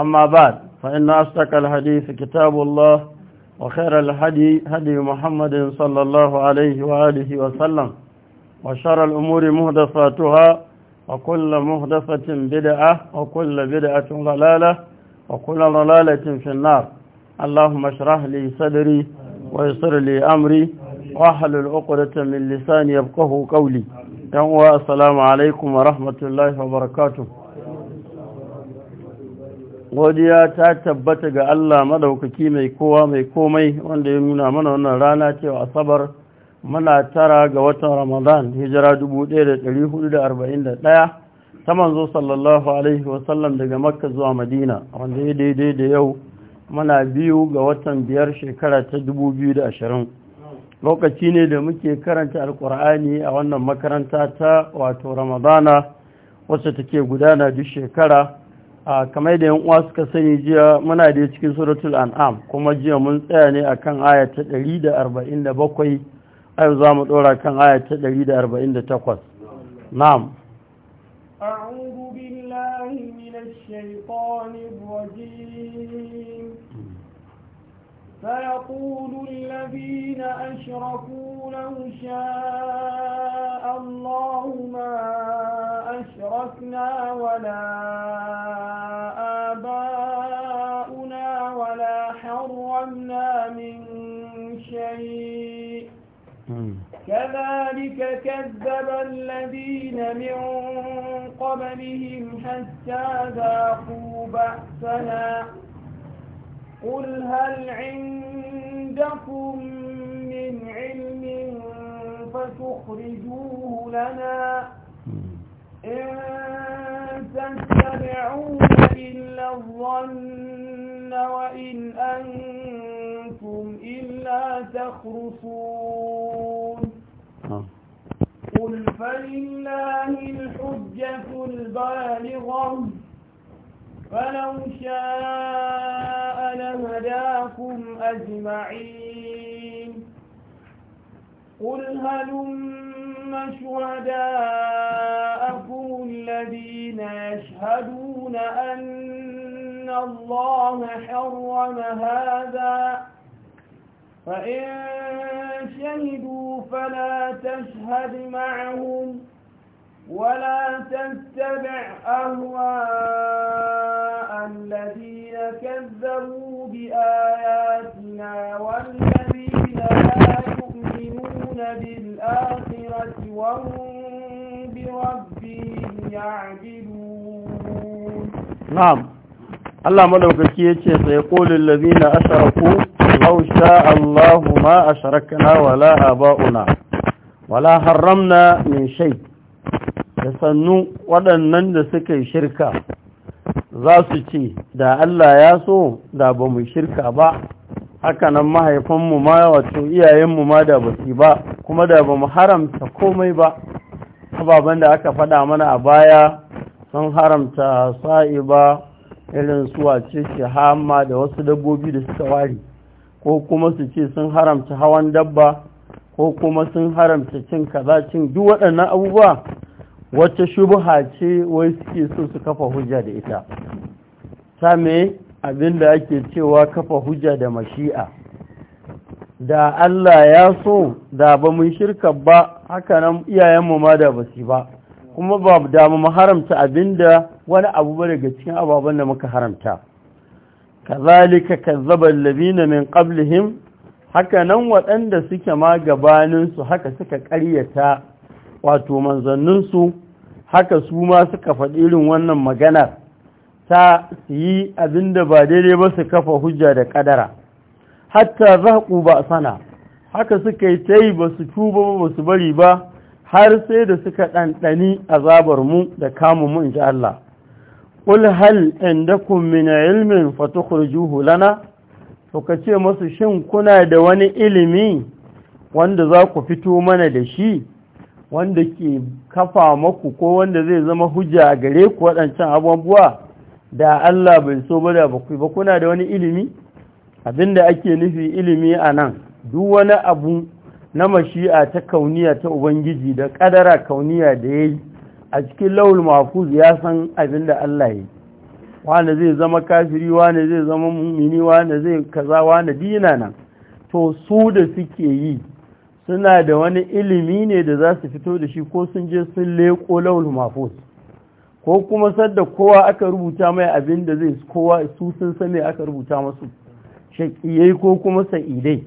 أما بعد فإن أصدق الحديث كتاب الله وخير الهدي هدي محمد صلى الله عليه وآله وسلم وشر الأمور مهدفاتها وكل مهدفة بدعة وكل بدعة ضلالة وكل ضلالة في النار اللهم اشرح لي صدري ويسر لي أمري واحلل عقدة من لساني يبقه قولي يوم السلام عليكم ورحمة الله وبركاته godiya ta tabbata ga Allah madaukaki mai kowa mai komai wanda ya nuna mana wannan rana cewa asabar muna tara ga watan ramadan hijira 1441 ta manzo sallallahu alaihi wasallam daga makka zuwa madina wanda ya daidai da yau muna biyu ga watan biyar shekara ta 2020 lokaci ne da muke karanta alkur'ani a wannan makaranta ta wato ramadana wacce take gudana duk shekara kamar da yan uwa suka sani jiya muna da cikin suratul an'am kuma jiya mun tsaya ne akan aya ta 147 ayo za mu dora kan aya ta 148 na'am a'udhu billahi minash shaitanir rajim فيقول الذين أشركوا لو شاء الله ما أشركنا ولا آباؤنا ولا حرمنا من شيء كذلك كذب الذين من قبلهم حتى ذاقوا بأسنا قل هل عندكم من علم فتخرجوه لنا إن تتبعون إلا الظن وإن أنتم إلا تخرصون قل فلله الحجة البالغة فلو شاء لهداكم أجمعين قل هلم شهداءكم الذين يشهدون أن الله حرم هذا فإن شهدوا فلا تشهد معهم ولا تتبع أهواءهم مع الذين كذبوا بآياتنا والذين لا يؤمنون بالآخرة وهم بربهم يعدلون نعم الله ملوك كيتشي سيقول الذين أشركوا لو شاء الله ما أشركنا ولا آباؤنا wala haramna min shai da sannu waɗannan da suka yi shirka za su ce da Allah ya so da ba mu shirka ba hakanan mahaifanmu ma wato iyayenmu ma da ba ba kuma da ba mu haramta komai ba ababen da aka faɗa mana a baya sun haramta ba irin su wace shi hama da wasu dabbobi da suka ware ko kuma su ce sun haramta hawan dabba ko kuma sun haramta cin kaza cin duk waɗannan abubuwa wacce shubha ce wai suke so su kafa hujja da ita ta me abinda ake cewa kafa hujja da mashi'a da Allah ya so da ba mun shirka ba haka nan iyayenmu ma da basi ba kuma ba da mu haramta abinda wani abu ba daga cikin ababen da muka haramta kazalika kazzaba allazina min qablihim haka nan waɗanda suke ma gabanin su haka suka ƙaryata wato manzanninsu haka su ma suka faɗi irin wannan maganar ta su yi abin da ba daidai ba su kafa hujja da ƙadara hatta zaƙu ba sana haka suka yi ta yi ba su tuba ba su bari ba har sai da suka ɗanɗani azabar mu da kamun mu inji ji Allah ƙul hal indakum min ilmin fatukhrijuhu lana to ka ce masu shin kuna da wani ilimi wanda za ku fito mana da shi wanda ke kafa maku ko wanda zai zama hujja a gare ku waɗancan abubuwa da Allah bai so ba da bakwai ba kuna da wani ilimi abinda ake nufi ilimi a nan duk wani abu na mashi'a ta kauniya ta ubangiji da ƙadara kauniya da ya yi a cikin laul mafuz ya san abin da Allah ya yi wanda zai zama kafiri wanda zai zama mummini wanda zai kaza wanda dina nan to su da suke yi suna da wani ilimi ne da za su fito da shi ko sun je sun leƙo laul mafus ko kuma sadda kowa aka rubuta mai abin da zai kowa su sun sani aka rubuta masu shaƙiyai ko kuma sa'idai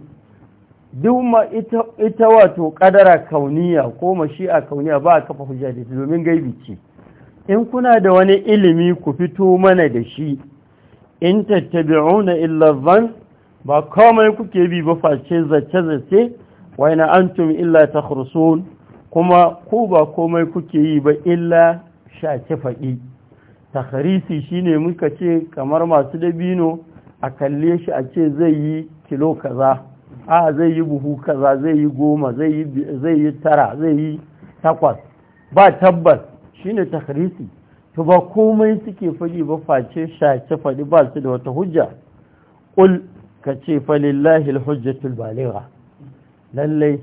duk ma ita wato ƙadara kauniya ko mashi'a kauniya ba a kafa hujja da ta domin gaibi ce in kuna da wani ilimi ku fito mana da shi in tattabi'una illa zan ba kawai kuke bi ba face zace zace wa ina antum illa takhrusun kuma ku ba komai kuke yi ba illa shake faɗi takhrisi shine muka ce kamar masu dabino a kalle shi a ce zai yi kilo kaza a zai yi buhu kaza zai yi goma zai yi tara zai yi takwas ba tabbas shine takhrisi to ba komai suke faɗi ba face shake faɗi ba su da wata hujja ƙul ka ce falillahi alhujjatul baligha lallai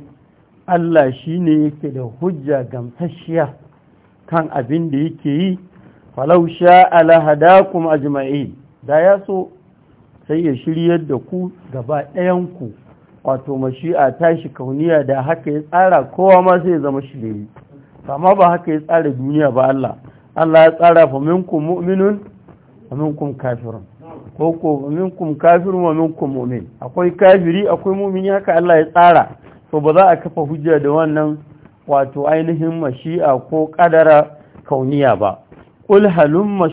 Allah shi ne yake da hujja gamsashiya kan abin da yake yi falau sha alahada kuma ajma'i da ya so sai ya shiryar da ku gaba ɗayanku wato mashi'a tashi kauniya da haka ya tsara kowa ma sai ya zama shirye kama ba haka ya tsara duniya ba Allah Allah ya tsara fa minkum mu'minun wa minkum kafirun ko minkum kafir wa minkum mu'min akwai kafiri akwai mu'mini haka Allah ya tsara to ba za a kafa hujja da wannan wato ainihin mashi'a ko kadara kauniya ba qul halumma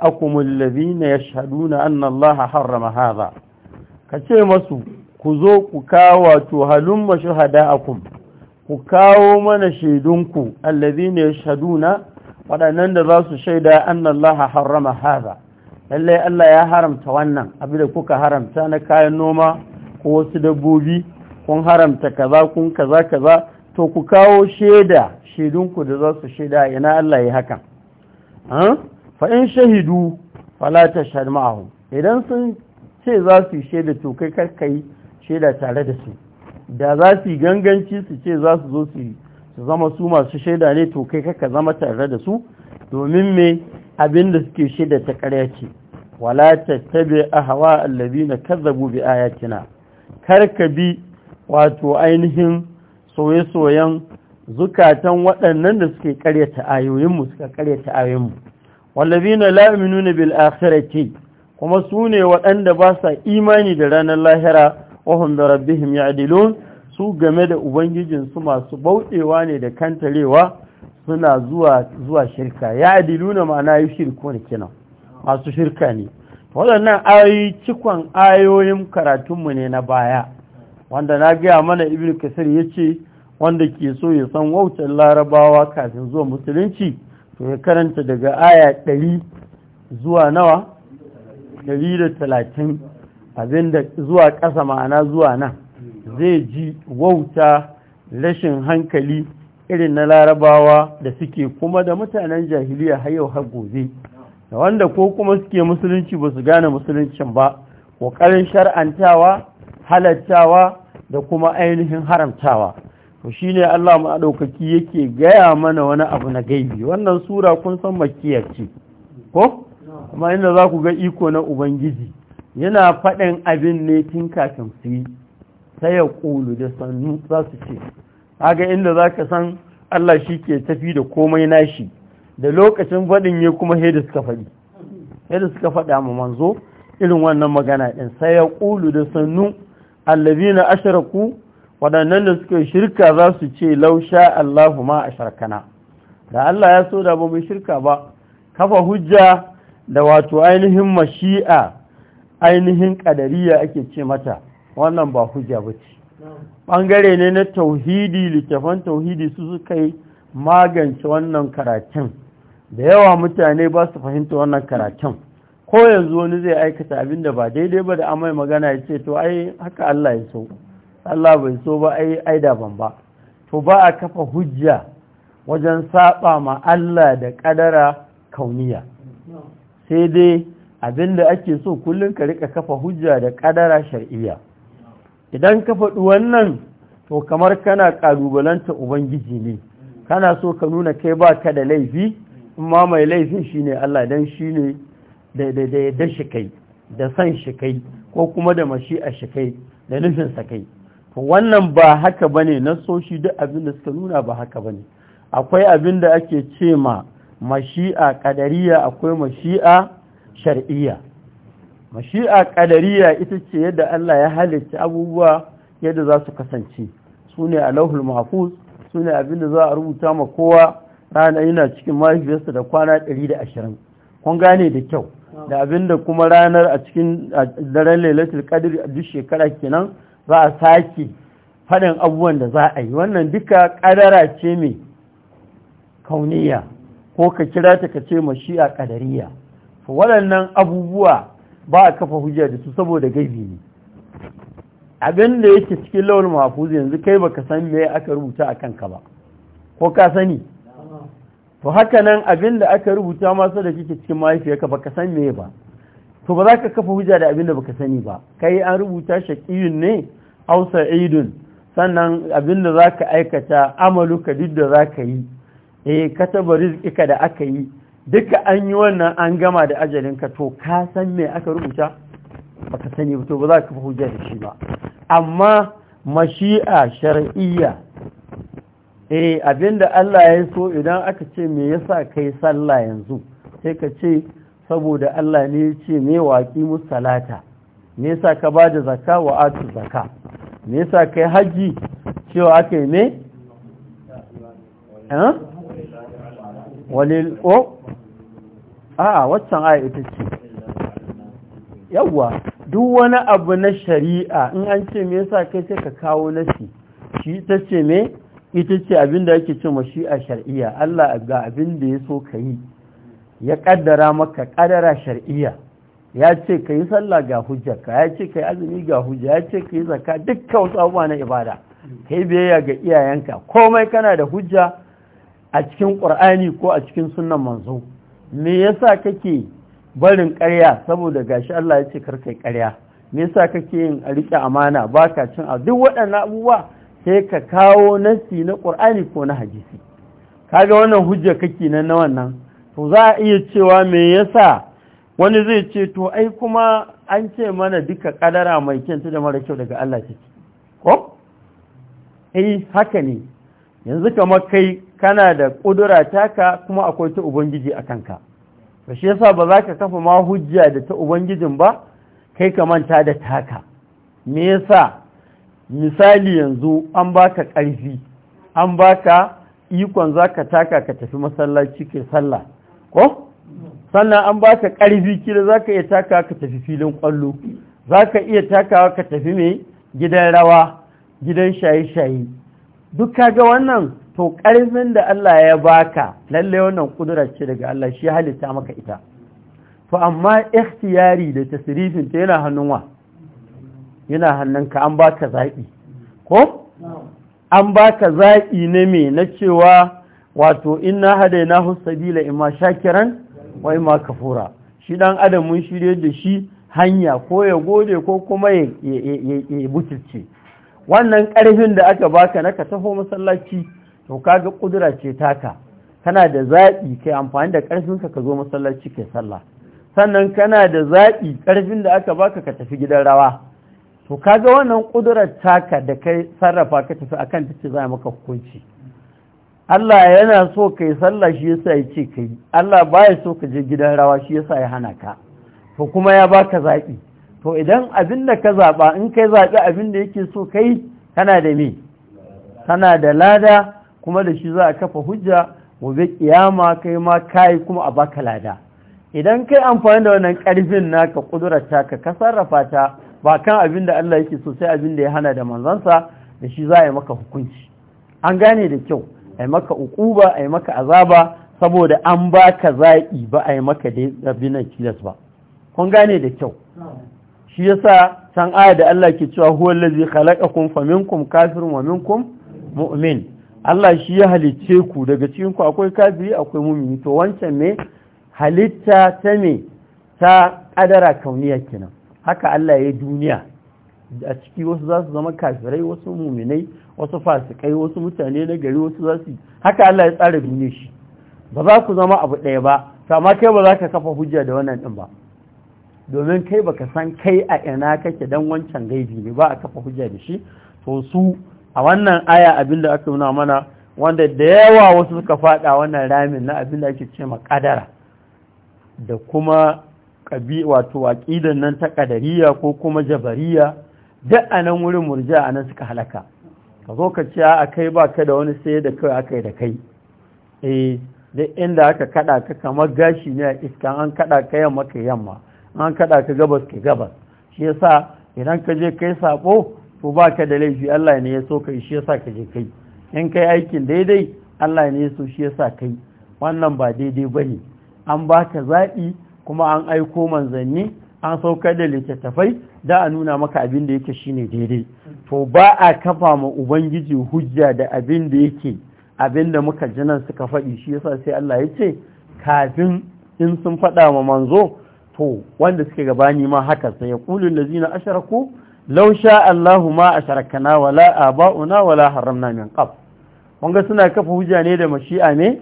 akumul ladina yashhaduna anna Allah harrama hadha kace masu ku zo ku kawo wato halumma akum ku kawo mana shaidunku alladhina yashhaduna waɗannan da za su shaida anna Allah harrama hadha lallai Allah ya haramta wannan abinda kuka haramta na kayan noma ko wasu dabbobi kun haramta kaza kun kaza kaza to ku kawo shaida shaidunku da za su shaida ina Allah ya hakan fa in shahidu fala tashhad ma'ahum idan sun ce za su shaida to kai kai shaida tare da su da za su ganganci su ce za su zo su zama su masu shaida ne to kai kaka zama tare da su domin me abin da suke shaida ta ƙarya ce wala tattabi ahwa allazina kazzabu bi ayatina karka bi wato ainihin soye-soyen zukatan waɗannan da suke karyata ayoyinmu suka karyata ayoyinmu wallazina la yu'minuna bil akhirati kuma su ne waɗanda ba sa imani da ranar lahira wahum da rabbihim ya'dilun su game da ubangijinsu masu bauɗewa ne da kantarewa suna zuwa zuwa shirka ya'diluna ma'ana yushriku ne kenan masu shirka ne waɗannan ayoyi cikon ayoyin karatunmu ne na baya wanda na gaya mana ibn kasir ya ce wanda ke so ya san wautar larabawa kafin zuwa musulunci to ya karanta daga aya ɗari zuwa nawa ɗari da talatin abinda zuwa ƙasa ma'ana zuwa nan zai ji wauta rashin hankali irin na larabawa da suke kuma da mutanen jahiliya har yau har gobe da wanda ko kuma suke musulunci ba su gane musuluncin ba ƙoƙarin shar'antawa halattawa da kuma ainihin haramtawa to shi ne Allah maɗaukaki yake gaya mana wani abu na gaibi wannan sura kun san makiyar ce ko? amma inda za ku ga iko na Ubangiji yana faɗin abin ne tun kafin su yi sai ya ƙulu da sannu za su ce ga inda za ka san Allah shi ke tafi da komai nashi da lokacin faɗin ya kuma hedis suka faɗi hedis suka faɗa ma manzo irin wannan magana ɗin sai ya ƙulu da sannu allabi na waɗannan da suka shirka za su ce lausha Allahu ma a da Allah ya so da ba mai shirka ba kafa hujja da wato ainihin mashi'a ainihin ƙadariya ake ce mata wannan ba hujja ba ce ɓangare ne na tauhidi littafan tauhidi su suka yi magance wannan karatun da yawa mutane ba su fahimta wannan karatun ko yanzu wani zai aikata abin da ba daidai ba da amai magana ya ce to ai haka Allah ya so Allah bai so ba ai ai banba ba to ba a kafa hujja wajen saba ma Allah da kadara kauniya sai dai abin da ake so kullum ka rika kafa hujja da kadara shar'iyya idan ka faɗi wannan to kamar kana ƙalubalanta ubangiji ne kana so ka nuna kai ba ka da laifi ma mai laifin shi ne Allah don shi ne da da shi kai da san shi kai ko kuma da mashi'a shi kai da nufin sa kai wannan ba haka ba ne bane shi duk abin da suka nuna ba haka ba ne. akwai abin da ake ce ma mashi'a kadariya akwai mashi'a shar'iyya mashi'a kadariya ita ce yadda Allah ya halitta abubuwa yadda za su kasance su ne a lauhul mahfuz su ne abin da za a rubuta ma kowa rana yana cikin mahaifiyarsa da kwana 120 kun gane da kyau da abinda kuma ranar a cikin daren lailatul qadr duk shekara kenan za a sake faɗin abubuwan da za a yi wannan duka ƙadara ce mai kauniya ko ka kira ta ka ce a ƙadariya waɗannan abubuwa ba a kafa hujja da su saboda gaibi ne abin da yake cikin lawan mahafuz yanzu kai baka san me aka rubuta a kanka ba ko ka sani to haka nan abin da aka rubuta masu da kike cikin mahaifiyarka ka san me ba to ba za ka kafa hujja da abin da ba ka sani ba kai an rubuta shaqiyun ne aw sa'idun sannan abin da za ka aikata amaluka duk da za ka yi eh kataba rizqika da aka yi duka an yi wannan an gama da ka to ka san me aka rubuta Ba ka sani ba to ba za ka kafa hujja da shi ba amma mashi'a shar'iyya eh abinda Allah ya so idan aka ce me yasa kai sallah yanzu sai ka ce saboda Allah ne ya ce me waki musalata me yasa ka ba da zakka wa atu zakka me yasa kai haji cewa aka yi ne eh walil o a waccan aya ita ce yawwa duk wani abu na shari'a in an ce me yasa kai sai ka kawo nasi shi ta ce me ita ce abin da yake shi a shar'iyya Allah ga abin da ya so ka yi ya kaddara maka kadara shar'iyya ya ce ka yi sallah ga hujjarka ya ce ka yi azumi ga hujja ya ce ka yi zakka dukka wasu abubuwa na ibada ka yi biyayya ga iyayenka komai kana da hujja a cikin ƙur'ani ko a cikin sunnan manzo me yasa kake barin ƙarya saboda gashi Allah ya ce kar kai ƙarya me yasa kake yin a riƙe amana baka cin a duk waɗannan abubuwa sai ka kawo nasi na ƙur'ani ko na hadisi Ka ga wannan hujja kake na wannan to za a iya cewa me yasa wani zai ce to ai kuma an ce mana duka kadara mai kyanta da mara kyau daga Allah take ko eh haka ne yanzu kamar kai kana da kudura taka kuma akwai ta ubangiji a kanka to shi yasa ba za ka kafa ma hujja da ta ubangijin ba kai ka manta da taka me yasa misali yanzu an baka ƙarfi an baka ikon zaka taka ka tafi masallaci ke sallah ko sannan an baka ƙarfi kila zaka iya taka ka tafi filin kwallo zaka iya takawa ka tafi mai gidan rawa gidan shaye-shaye duk kaga wannan to ƙarfin da Allah ya baka lalle wannan kudura ce daga Allah shi halitta maka ita to amma ikhtiyari da tasrifin ta yana hannun wa yana hannunka an baka zaɓi ko an baka zaɓi na me na cewa wato inna hadaina husabila imma shakiran wa ima kafura shi ɗan adam mun shirye da shi hanya ko ya gode ko kuma ya butulce wannan ƙarfin da aka baka na ka taho masallaci to kaga kudura ce taka kana da zaɓi kai amfani da ƙarfinka ka zo masallaci kai sallah sannan kana da zaɓi ƙarfin da aka baka ka tafi gidan rawa to kaga wannan ƙudurar taka da kai sarrafa ka tafi akan ta ce za maka hukunci Allah yana so ka yi sallah shi yasa ya ce ka yi Allah baya so ka je gidan rawa shi yasa ya hana ka to kuma ya baka zaɓi to idan abin da ka zaɓa in kai zaɓi abin da yake so ka yi kana da me kana da lada kuma da shi za a kafa hujja gobe kiyama kai ma kai kuma a baka lada idan kai amfani da wannan karfin naka kudurar taka ka sarrafa ta ba kan abin da Allah yake so sai abin da ya hana da manzansa da shi za a yi maka hukunci an gane da kyau a maka ukuba a yi maka azaba saboda an ba ka zaƙi ba a maka da abin nan tilas ba kun gane da kyau shi yasa can aya da Allah ke cewa huwa allazi khalaqakum faminkum kafirun wa minkum mu'min Allah shi ya halicce ku daga cikin ku akwai kafiri akwai mu'mini to wancan me halitta ta me ta kadara kauniya kenan haka Allah ya yi duniya a ciki wasu za su zama kafirai wasu muminai wasu fasikai wasu mutane na gari wasu za su haka Allah ya tsara duniya shi ba za ku zama abu ɗaya ba sama kai ba za ka kafa hujja da wannan ɗin ba domin kai baka san kai a ina kake dan wancan gaibi ne ba a kafa hujja da shi to su a wannan aya abinda aka nuna mana wanda da yawa wasu suka faɗa wannan ramin na abinda ake ce ma kadara da kuma wato aƙidan nan ta ƙadariya ko kuma jabariya duk a nan wurin murja a nan suka halaka ka zo ka ce a kai ba ka da wani sai da kai aka yi da kai eh duk inda aka kada ka kamar gashi ne a iska an kada ka yamma ka yamma an kada ka gabas ka gabas shi yasa idan ka je kai sabo to ba ka da laifi Allah ne ya so kai shi yasa ka je kai in kai aikin daidai Allah ne ya so shi yasa kai wannan ba daidai bane an baka zaɓi kuma an aiko manzanni an saukar da littattafai da a nuna maka abin da yake shine daidai to ba a kafa ma ubangiji hujja da abin da yake abin da muka jinan suka faɗi shi yasa sai Allah ya ce kafin in sun faɗa ma manzo to wanda suke gabani ma haka sai ya kulun lazina asharaku law sha Allahu ma asharakana wala aba'una wala haramna min qab wanga suna kafa hujja ne da mashi'a ne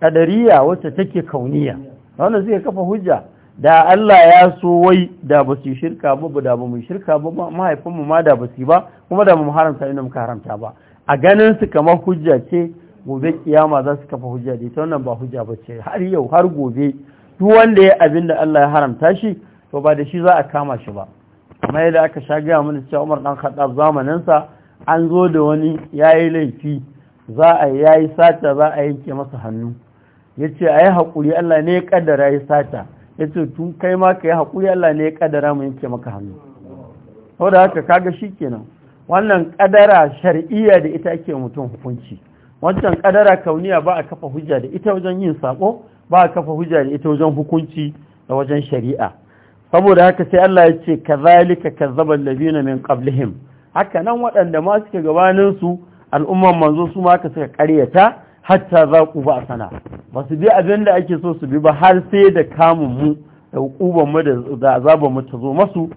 kadariya wacce take kauniya wanda zai kafa hujja da Allah ya so wai da ba su shirka ba ba da ba mu shirka ba mahaifinmu ma da ba su ba kuma da ba mu haramta inda muka haramta ba a ganin su kamar hujja ce gobe kiyama za su kafa hujja da ita wannan ba hujja ba ce har yau har gobe duk wanda ya abin da Allah ya haramta shi to ba da shi za a kama shi ba kamar yadda aka sha gaya mana cewa Umar dan Khattab zamanin sa an zo da wani yayi laifi za a yayi sata za a yanke masa hannu ya ce a yi haƙuri Allah ne ya ƙaddara ya sata ya ce tun kai ma ka yi haƙuri Allah ne ya ƙaddara mu yanke maka hannu sau da haka kaga shi kenan wannan ƙadara shar'iya da ita ake mutum hukunci wancan ƙadara kauniya ba a kafa hujja da ita wajen yin saƙo ba a kafa hujja da ita wajen hukunci da wajen shari'a saboda haka sai Allah ya ce ka kazalika kazzaba labina min qablihim haka nan waɗanda ma suke gabaninsu al'umman manzo su ma ka suka karyata? hatta za ku ba sana ba su bi abin da ake so su bi ba har sai da kamun mu da hukuban mu da azaban mu ta zo masu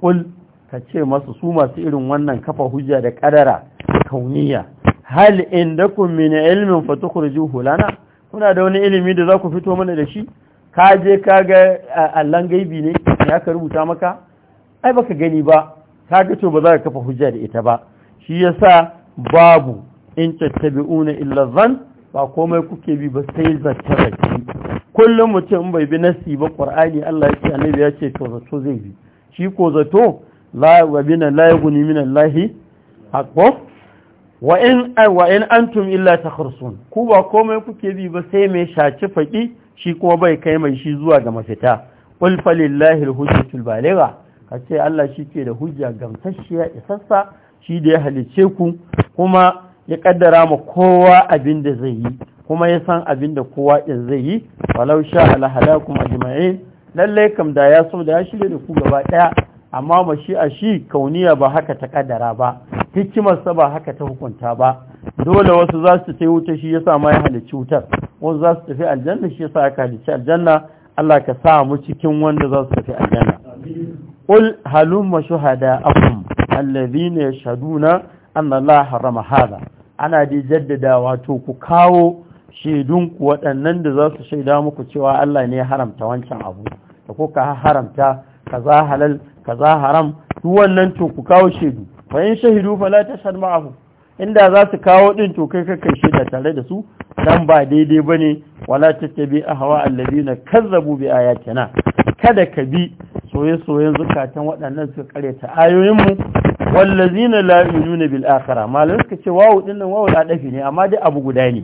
kul ka ce masu su masu irin wannan kafa hujja da kadara kauniya hal indakum min ilmin fatukhrijuhu lana kuna da wani ilimi da za ku fito mana da shi ka je ka ga allan gaibi ne ya ka rubuta maka ai baka gani ba ka ga to ba za ka kafa hujja da ita ba shi yasa babu in tattabi'una illa dhann ba komai kuke bi ba sai zata zace kullum mutum bai bi nasi ba qur'ani Allah ya ce annabi ya ce to zato zai bi shi ko zato la wa bina la yughni min Allahi haqqo wa in wa in antum illa takhrusun ku ba komai kuke bi ba sai mai shaci faki shi kuma bai kai mai shi zuwa ga mafita qul falillahi alhujjatul baligha kace Allah shi ke da hujja gamsasshiya isassa shi da ya halice ku kuma ya kaddara ma kowa abin da zai yi kuma ya san abin da kowa ɗin zai yi walau sha alahala kuma jima'in lallai kam da ya so da ya shirya da ku gaba ɗaya amma ma shi a shi kauniya ba haka ta kaddara ba hikimarsa ba haka ta hukunta ba dole wasu za su tafi wuta shi ya sa ma ya halicci wutar wasu za su tafi aljanna shi ya sa aka halicci aljanna Allah ka sa mu cikin wanda za su tafi aljanna qul halumma shuhada'akum alladhina ya anna Allah harrama hadha ana dai jaddadawa to ku kawo shaidunku waɗannan da za su shaida muku cewa Allah ne ya haramta wancan abu da kuka haramta kaza halal kaza haram duk wannan to ku kawo shaidu fa in shahidu fala tashhad ma'ahu inda za su kawo din to kai ka kai shaida tare da su dan ba daidai bane wala tattabi ahwa alladhina kazzabu bi ayatina kada ka bi soye-soyen zukatan waɗannan su karyata ayoyinmu wallazina la yu'minuna bil akhirah malan suka ce wawu dinnan wawu da dafi ne amma dai abu guda ne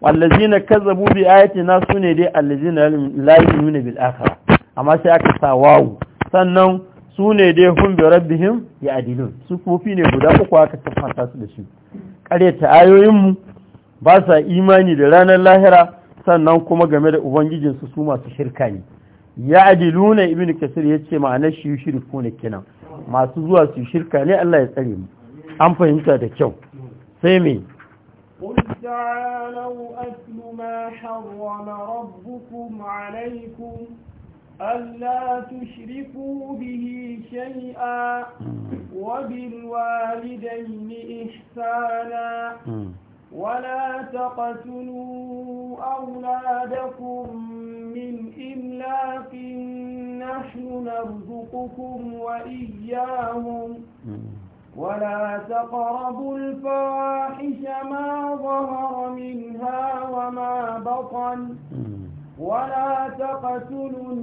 wallazina kazzabu bi ayatina sune dai allazina la yu'minuna bil akhirah amma sai aka sa wawu sannan sune dai hum bi rabbihim ya'dilun su kofi ne guda uku aka tafanta su da shi ta ayoyin mu ba sa imani da ranar lahira sannan kuma game da ubangijinsu su masu shirka ne ya'diluna ibnu kasir yace ma'anar shi shirku ne kenan masu zuwa su shirka ne Allah ya tsare mu an fahimta da kyau sai me قل تعالوا أتل ما حرم ربكم عليكم ألا تشركوا به شيئا وبالوالدين إحسانا ولا تقتلوا أولادكم من إملاق نحن نرزقكم وإياهم ولا تقربوا الفواحش ما ظهر منها وما بطن ولا تقتلوا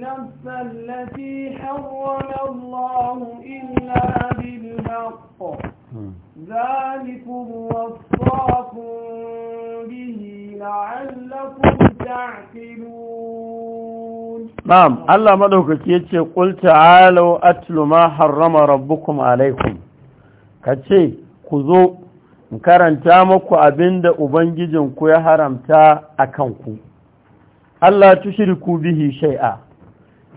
النفس التي حرم الله إلا بالحق ذلكم وصاكم به لعلكم تعقلون نعم الله مدوك كيتش قل تعالوا أتل ما حرم ربكم عليكم كتشي كذو karanta muku abinda ubangijinku ya haramta a kanku Allah tushirku bihi shai'a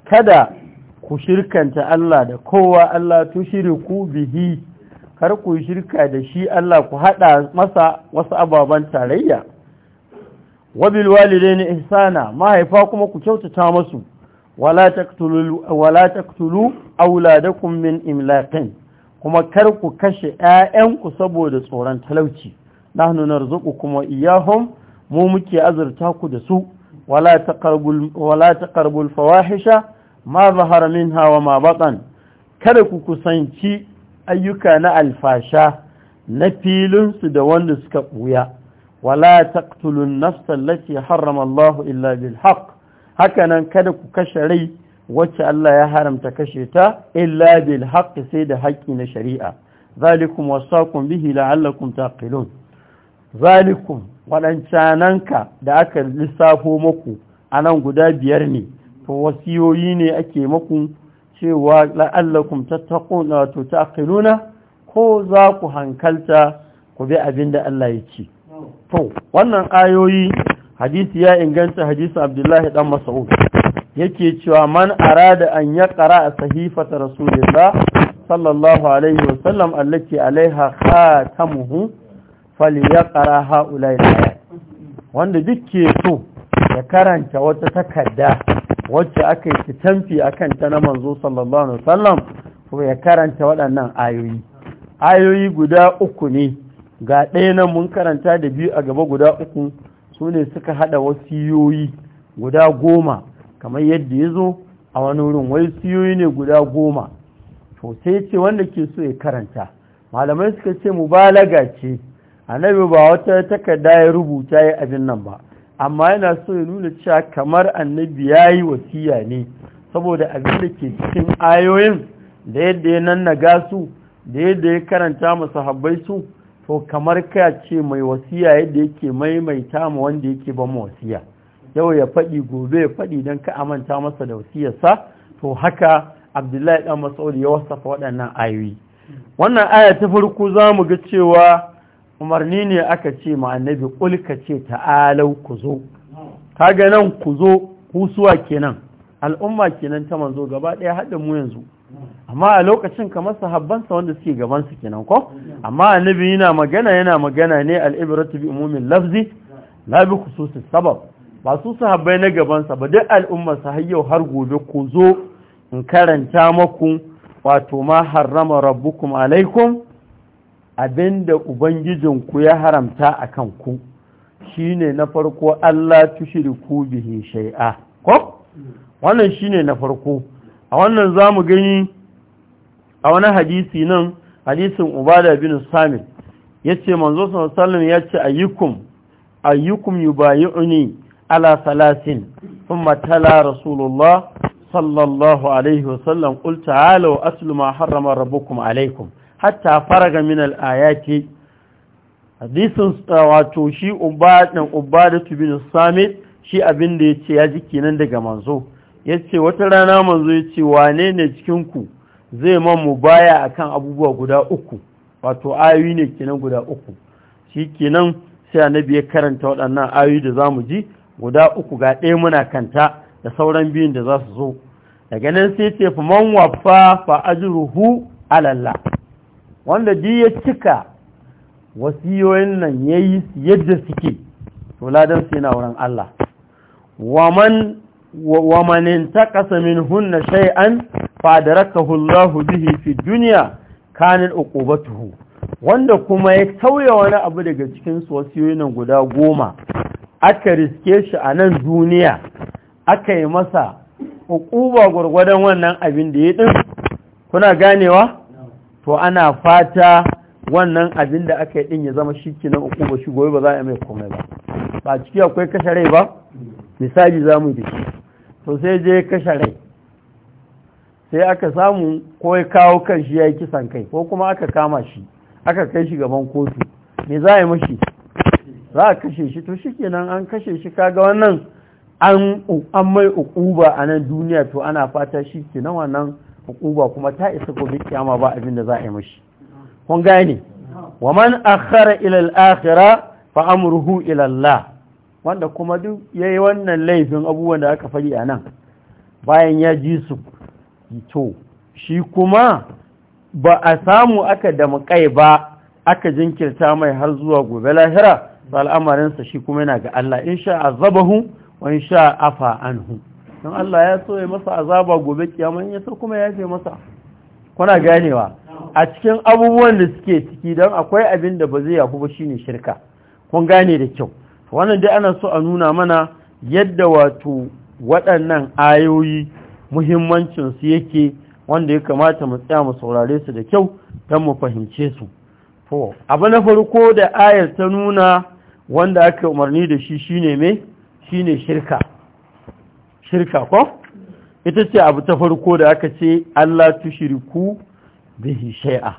kada ku shirkanta Allah da kowa Allah tu ku bihi kar ku shirka da shi Allah ku hada masa wasu ababan tarayya wabil walidaini ihsana mahaifa kuma ku kyautata masu wala taqtulu wala taqtulu auladakum min imlaqin kuma kar ku kashe 'ya'yanku saboda tsoron talauci nahnu narzuku kuma iyahum mu muke azurta ku da su wala taqrabul wala taqrabul fawahisha ma zahara minha hawa ma batsan? kada ku kusanci ayyuka na alfasha na filinsu da wanda suka buya wala taqtulun nafsa allati harrama illa bil haqq hakanan kada ku kashe rai wacce Allah ya haramta kashe ta illa bil haqq sai da haƙƙi na shari'a zalikum wasaqum bihi la'allakum taqilun zalikum wadancananka da aka lissafo muku anan guda biyar ne to wasiyoyi ne ake maku cewa la'allakum tattaquna to ta'qiluna ko za ku hankalta ku bi abinda Allah ya ce to wannan ayoyi hadisi ya inganta hadisi Abdullahi dan Mas'ud yake cewa man arada an yaqra sahifata rasulillah sallallahu alaihi wasallam allati alaiha khatamuhu falyaqra haula wanda dukke so ya karanta wata takarda wacce aka yi tamfi a ta na manzo sallallahu alaihi wasallam ko ya karanta waɗannan ayoyi ayoyi guda uku ne ga ɗaya nan mun karanta da biyu a gaba guda uku su ne suka haɗa wasiyoyi guda goma kamar yadda ya zo a wani wurin wasiyoyi ne guda goma to sai ce wanda ke so ya karanta malamai suka ce mubalaga ce annabi ba wata takarda ya rubuta ya abin nan ba amma yana so ya nuna cewa kamar annabi ya yi wasiya ne saboda abin da ke cikin ayoyin da yadda ya nannaga su da yadda ya karanta masu habbai su to kamar ka ce mai wasiya yadda yake maimaita ma wanda yake ba mu wasiya yau ya faɗi gobe ya faɗi don ka amanta masa da wasiyarsa to haka abdullahi ɗan masaudi ya wasafa waɗannan ayoyi wannan aya ta farko za mu ga cewa umarni ne aka ce ma annabi ka ce ta'alau ku zo kaga nan ku zo husuwa kenan al'umma kenan ta manzo gaba ɗaya haɗin mu yanzu amma a lokacin kamar sahabbansa wanda suke gabansa kenan ko amma annabi yana magana yana magana ne al'ibratu bi umumin lafzi la bi khususis sabab ba su sahabbai na gabansa ba duk al'ummar sa har yau har gobe ku zo in karanta maku wato ma harrama rabbukum alaikum abinda ubangijinku ya haramta a kanku ne na farko Allah ku bihi shai'a. ko wannan shi ne na farko a wannan za mu gani a wani hadisi nan hadisin Ubada bin ya ce manzo sallallahu ya yace ayyukum ayyukum uni ala salasin sun tala rasulullah sallallahu alaihi wasallam ƙulta halawa aslu ma rabukum rabbukum alaikum hatta faraga min al-ayati hadisin uh, wato shi ubadan ubadatu bin samit shi abin da yace ya ji kenan daga manzo yace wata rana manzo yace wane ne cikin ku zai man mu baya akan abubuwa guda uku wato ayoyi ne kenan guda uku shi kenan sai annabi ya karanta waɗannan ayoyi da zamu ji guda uku ga ɗaya muna kanta da sauran biyun da za su zo daga nan sai ce fa man wafa fa ajruhu ala Allah wanda ji ya cika wasiyoyin nan yayi yadda suke to ladan wurin Allah waman waman min hunna shay'an fadaraka Allahu bihi fi dunya kanin uqubatuhu wanda kuma ya tauye wani abu daga cikin wasiyoyin nan guda goma aka riske shi a nan duniya aka yi masa uquba gurgurdan wannan abin da ya din kuna ganewa to ana fata wannan abin da aka yi din ya zama shi kinan uku ba shi gobe ba za a mai komai ba ba ciki akwai kashe rai ba misali za mu da shi to sai je kashe rai sai aka samu ko ya kawo kan shi ya yi kisan kai ko kuma aka kama shi aka kai shi gaban kotu me za a yi mashi za a kashe shi to nan an kashe shi kaga wannan an mai uku ba a nan duniya to ana fata shi nan wannan hukuba kuma ta isa gobe kiyama ba abin da za a yi mashi kun gane wa man akhara ila al-akhirah fa amruhu ila Allah wanda kuma duk yayi wannan laifin abubuwan da aka fari a nan bayan ya ji su to shi kuma ba a samu aka da damƙai ba aka jinkirta mai har zuwa gobe lahira ba al'amarinsa shi kuma yana ga Allah in sha azabahu wa insha afa anhu don Allah ya so ya masa azaba gobe kiyama in ya so kuma ya ce masa kuna ganewa a cikin abubuwan da suke ciki don akwai abin da ba zai yafi ba shine shirka kun gane da kyau wannan dai ana so a nuna mana yadda wato waɗannan ayoyi muhimmancin su yake wanda ya kamata mu tsaya mu saurare su da kyau don mu fahimce su to abu na farko da ayar ta nuna wanda aka umarni da shi shine me shine shirka shirka ko ita ce abu ta farko da aka ce Allah tu shirku bihi shay'a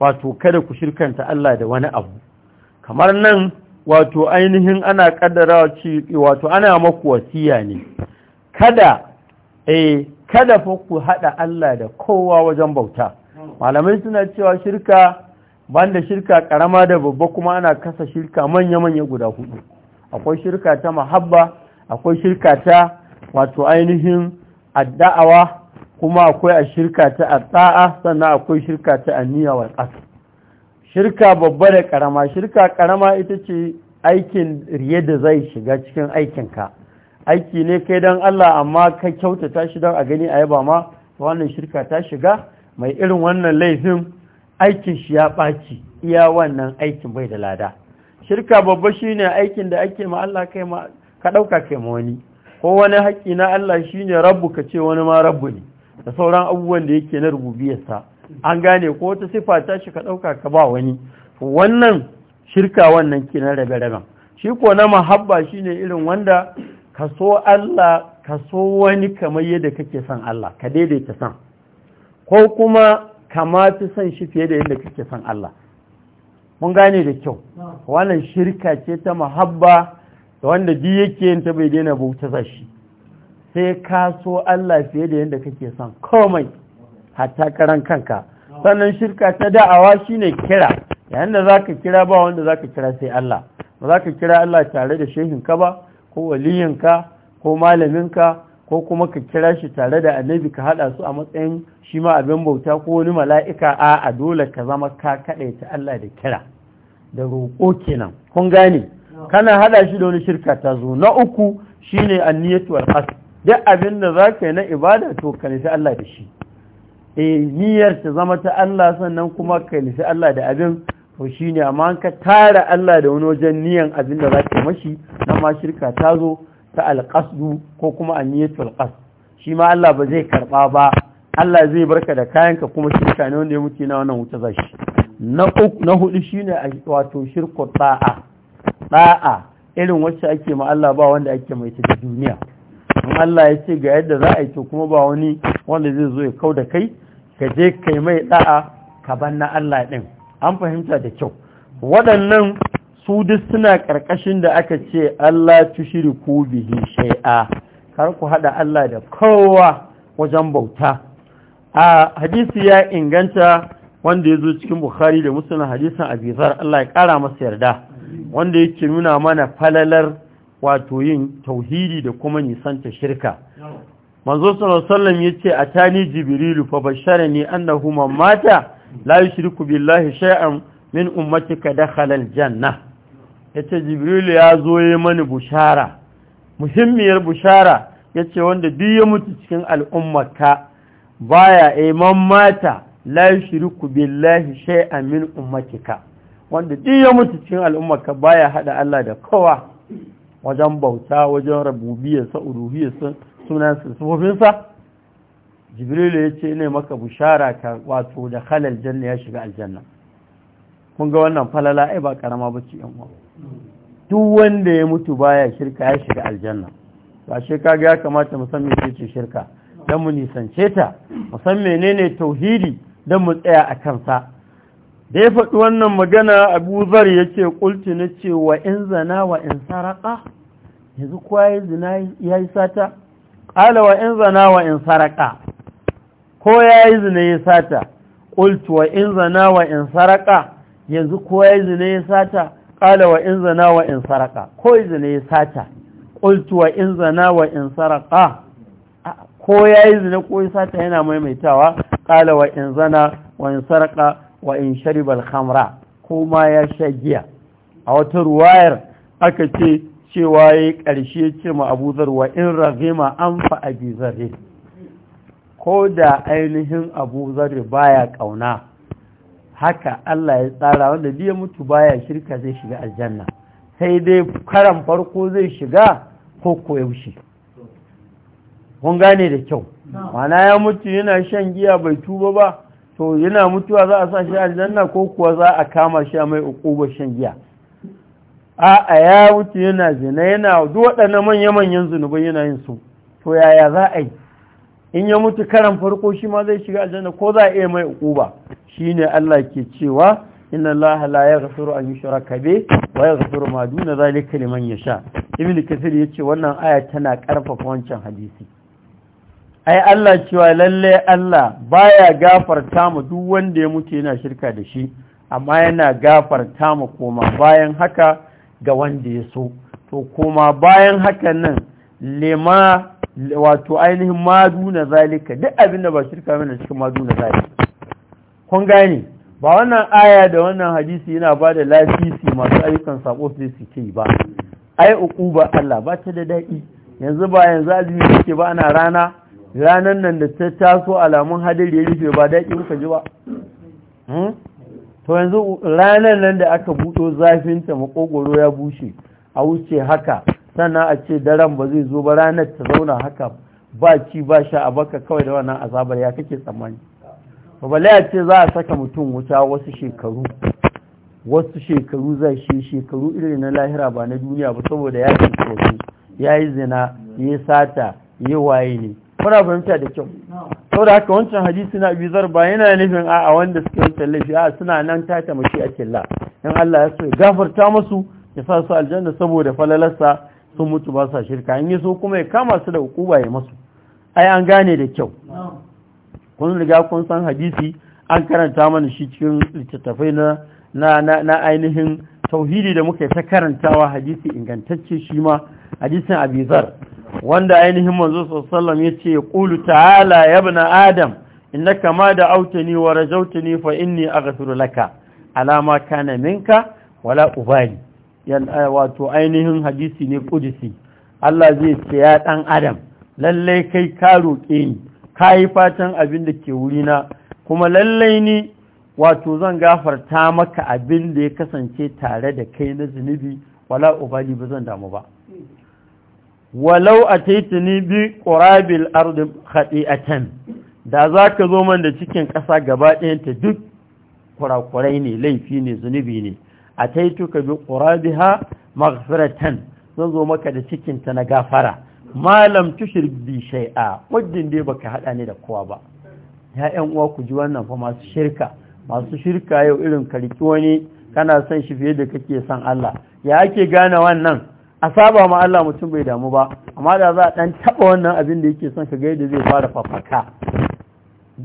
wato kada ku shirkanta Allah da wani abu kamar nan wato ainihin ana kaddara wato ana maku wasiya ne kada eh kada fa ku hada Allah da kowa wajen bauta malamai suna cewa shirka banda shirka karama da babba kuma ana kasa shirka manya-manya guda hudu akwai shirka ta mahabba akwai shirka ta wato ainihin adda'awa kuma akwai a shirka ta adda'a sannan akwai shirka ta aniya wa ƙasa shirka babba da ƙarama, shirka ƙarama ita ce aikin riye da zai shiga cikin aikinka aiki ne kai don Allah amma ka kyautata shi don a gani a yaba ma wannan shirka ta shiga mai irin wannan laifin aikin shi ya ɓaci iya wannan aikin bai da lada shirka babba shine aikin da ake ma Allah kai ka ɗauka kai ma wani ko wani haƙƙi na Allah shi ne rabbu ka ce wani ma rabbu ne da sauran abubuwan da yake na rububiyarsa an gane ko wata sifa ta shi ka ɗauka ka ba wani wannan shirka wannan ke na rabe-raben shi ko na mahabba ne irin wanda ka so Allah ka so wani kamar yadda kake son Allah ka daidaita son ko kuma kama fi son shi fiye da yadda kake son Allah mun gane da kyau wannan shirka ce ta mahabba da wanda bi yake yin ta bai daina bauta shi sai ka so Allah fiye da yadda kake son komai hatta karan kanka sannan shirka ta da'awa shi ne kira yayin da za ka kira ba wanda za ka kira sai Allah ba za ka kira Allah tare da shehinka ba ko waliyinka ko malaminka ko kuma ka kira shi tare da annabi ka haɗa su a matsayin shi ma abin bauta ko wani mala'ika a a dole ka zama ka kaɗaita Allah da kira da roƙo kenan kun gane kana hada shi da wani shirka ta zo na uku shine anniyatu wal qasd duk abin da zaka yi na ibada to ka nufi Allah da shi eh niyyar ta zama ta Allah sannan kuma ka nufi Allah da abin to shine amma ka tara Allah da wani wajen niyan abin da zaka yi mashi nan ma shirka ta zo ta al-qasd ko kuma anniyatu al qasd shi ma Allah ba zai karba ba Allah zai barka da kayanka kuma shirka ne wanda ya mutu na wannan wuta zashi na uku na hudu shine wato shirku ta'a ɗa'a irin wacce ake ma Allah ba wanda ake mai ta duniya in Allah ya ce ga yadda za a yi to kuma ba wani wanda zai zo ya kau da kai ka je kai mai ɗa'a ka ban na Allah ɗin an fahimta da kyau waɗannan su duk suna ƙarƙashin da aka ce Allah ku bihi shai'a kar ku haɗa Allah da kowa wajen bauta a hadisi ya inganta wanda ya zo cikin Bukhari da musulun hadisin abizar Allah ya ƙara masa yarda wanda yake nuna mana falalar wato yin tauhidi da kuma nisanta shirka manzo sallallahu ya ce a atani jibrilu fa bashara ne annahu man mata la yushriku billahi shay'an min ummatika dakhala aljanna yace jibrilu ya zo yayi mani bushara muhimmiyar bushara yace wanda duk ya mutu cikin al'ummarka baya iman mata la yushriku billahi shay'an min ummatika wanda duk ya mutu cikin al'umma ka baya hada Allah da kowa wajen bauta wajen rububiyarsa uluhiyarsa sunansa sufofinsa jibrilu ya ce ne maka bushara ka wato da halal janna ya shiga aljanna kun ga wannan falala ai ba karama ba ce yan duk wanda ya mutu baya shirka ya shiga aljanna ba shi kaga ya kamata musamman ce ce shirka don mu nisance ta musamman ne tauhidi don mu tsaya a kansa da ya faɗi wannan magana abu zar ya ce ƙulci na ce wa in zana wa in saraka yanzu kuwa ya zina ya yi sata ƙala wa in zana wa in saraka ko ya yi zina ya sata ƙulci wa in zana wa in saraka yanzu kuwa ya zina ya sata ƙala wa in zana wa in saraka ko ya zina ya sata ƙulci wa in zana wa in saraka ko ya yi zina ko ya sata yana maimaitawa ƙala wa in zana wa in saraka wa in sharibal khamra ko ma ya sha giya a wata ruwayar aka ce cewa ya ƙarshe ce ma abuzar wa in ragima an fa zare. ko da ainihin abuzar baya ƙauna haka Allah ya tsara wanda biya mutu baya shirka zai shiga aljanna sai dai karan farko zai shiga ko koyaushe kun gane da kyau mana ya mutu yana shan giya bai tuba ba to yana mutuwa za a sa shi aljanna ko kuwa za a kama shi a mai ukuba shan giya a a ya wuce yana zina yana duk waɗannan manya-manyan zunubai yana yin su to yaya za a yi in ya mutu karan farko shi ma zai shiga aljanna ko za a iya mai ukuba Shi ne Allah ke cewa inna Allah la gasar an yushraka bi wa gasar ma duna zalika liman sha. ibn kathir ce wannan aya tana karfafa wancan hadisi ai Allah cewa lalle Allah baya gafarta mu duk wanda ya mutu yana shirka da shi amma yana gafarta mu koma bayan haka ga wanda ya so to koma bayan haka nan lema wato ainihin maduna zalika duk abin da ba shirka mana cikin maduna zalika kun gane ba wannan aya da wannan hadisi yana ba da lafisi masu ayyukan sako su su ke ba ai uku ba Allah ba ta da daɗi yanzu ba yanzu azumi suke ba ana rana ranan nan da ta taso alamun hadari ya rufe ba daƙi kuka ji ba hmm? to yanzu ranan nan da aka buɗo zafinta makogoro ya bushe a wuce haka sannan a ce daren ba zai zo ba ranar ta zauna haka ba ci ba sha a baka kawai da wannan azabar ya kake tsammani ba a ce za a saka mutum wuta wasu shekaru wasu shekaru zai shi shekaru irin na lahira ba na duniya ba saboda ya ce ya yi zina ya sata ya waye ne kuna fahimta da kyau sau da haka wancan hadisi na bizar ba yana nufin a wanda suke wancan laifi a suna nan ta ta mashi a killa in Allah ya so ya gafarta musu ya sa su aljanna saboda falalarsa sun mutu ba sa shirka in yi so kuma ya kama su da hukuma ya masu ai an gane da kyau kun riga kun san hadisi an karanta mana shi cikin littattafai na na ainihin tauhidi da muka yi ta karantawa hadisi ingantacce shi ma hadisin abizar wanda ainihin manzo sallam ya ce ƙulu ta'ala ya bina adam inna kama da autani wa rajautani fa inni aghfiru laka alama kana minka wala ubali yan eh, wato ainihin hadisi ne kudisi Allah zai ce ya dan adam lalle kai ka roke ni kai fatan abin da ke wurina kuma lalle ni wato zan gafarta maka abin da ya kasance tare da kai na zunubi wala ubali ba zan damu ba walau a taitini bi ƙorabil a haɗi'atan da za ka zo man da cikin ƙasa gaba ɗayanta duk kurakurai ne laifi ne zunubi ne a taituka bi ƙorabiha maghfiratan zan zo maka da cikinta na gafara malam tushir bi shai'a muddin dai baka haɗa ne da kowa ba Ya ƴan uwa ku ji wannan fa masu shirka masu shirka yau irin karki wani kana son shi fiye da kake son Allah ya ake gane wannan a saba ma Allah mutum bai damu ba amma da za a dan taba wannan abin da yake son ka ga yadda zai fara fafaka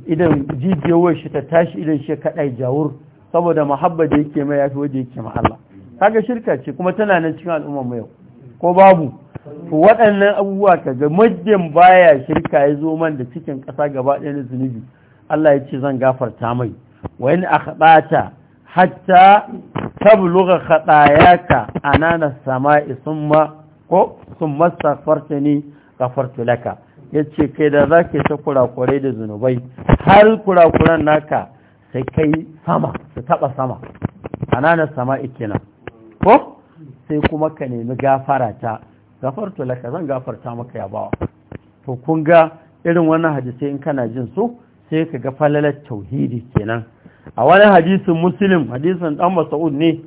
idan jijiyowar shi ta tashi idan shi kadai jawur saboda mahabba da yake mai yafi waje yake ma Allah kaga shirka ce kuma tana nan cikin al'umma mu yau ko babu to waɗannan abubuwa kaga majjin baya shirka ya zo man da cikin ƙasa gaba ɗaya na zunubi Allah ya ce zan gafarta mai wa in akhata hatta tabluga khatayaka anana sama'i summa ko summa astaghfartani ghafartu laka yace kai da zake ta kurakurai da zunubai har kurakuran naka sai kai sama su taba sama anana sama'i kenan ko sai kuma ka nemi gafara ta gafartu laka zan gafarta maka ya bawa to kun ga irin wannan hadisi in kana jin su sai ka ga falalar tauhidi kenan a wani hadisin muslim hadisin dan mas'ud ne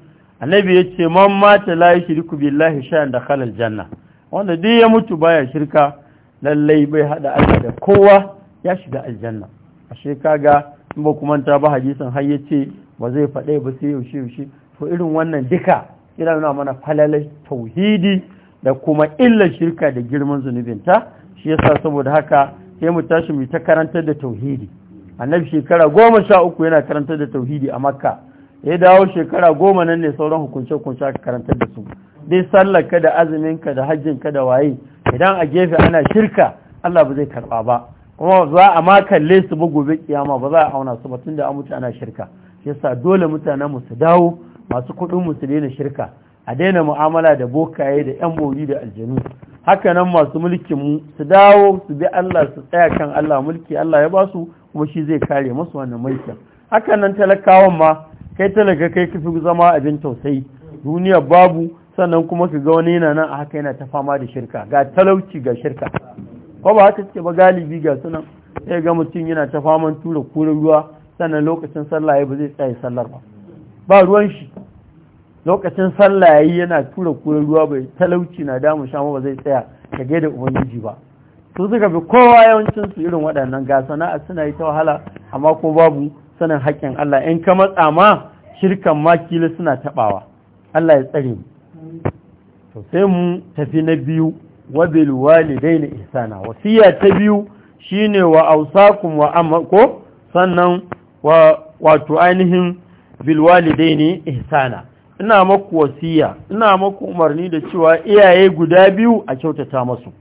annabi ya ce man mata la yushriku billahi shay'an dakhala janna. wanda duk ya mutu baya shirka lallai bai hada Allah da kowa ya shiga aljanna ashe kaga in ba kuma ta ba hadisin har yace ba zai fade ba sai yaushe yaushe to irin wannan duka ina nuna mana falalai tauhidi da kuma illar shirka da girman zunubinta shi yasa saboda haka sai mu tashi mu ta karantar da tauhidi annabi shekara goma sha uku yana karantar da tauhidi a makka ya dawo shekara goma nan ne sauran hukunce-hukunce aka karantar da su dai ka da ka da hajjin ka da waye idan a gefe ana shirka Allah ba zai karɓa ba kuma za a ma kalle su ba gobe kiyama ba za a auna su ba tunda an mutu ana shirka yasa dole mutanen mu su dawo masu kuɗin mu su daina shirka a daina mu'amala da bokaye da yan bori da aljanu hakanan masu mulkin mu su dawo su bi Allah su tsaya kan Allah mulki Allah ya ba su kuma shi zai kare masu wannan mulkin haka nan talakawan ma kai talaka kai kafi zama abin tausayi duniya babu sannan kuma ka ga wani yana nan a haka yana ta fama da shirka ga talauci ga shirka ko ba haka suke ba galibi ga sunan sai ga mutum yana ta faman tura kurin ruwa sannan lokacin sallah ya ba zai tsaya sallar ba ba ruwan shi lokacin sallah yayi yana tura kuren ruwa bai talauci na damun sha ba zai tsaya ka da ubangiji ba su suka fi kowa yawancin su irin waɗannan ga sana'a suna yi ta wahala amma ko babu sanin haƙƙin Allah in ka matsa ma shirkan ma suna tabawa Allah ya tsare mu to sai mu tafi na biyu wa bil walidain ihsana wasiya ta biyu shine wa ausakum wa amma sannan wa wato ainihin bil walidain ihsana ina maku wasiya ina maku umarni da cewa iyaye guda biyu a kyautata masu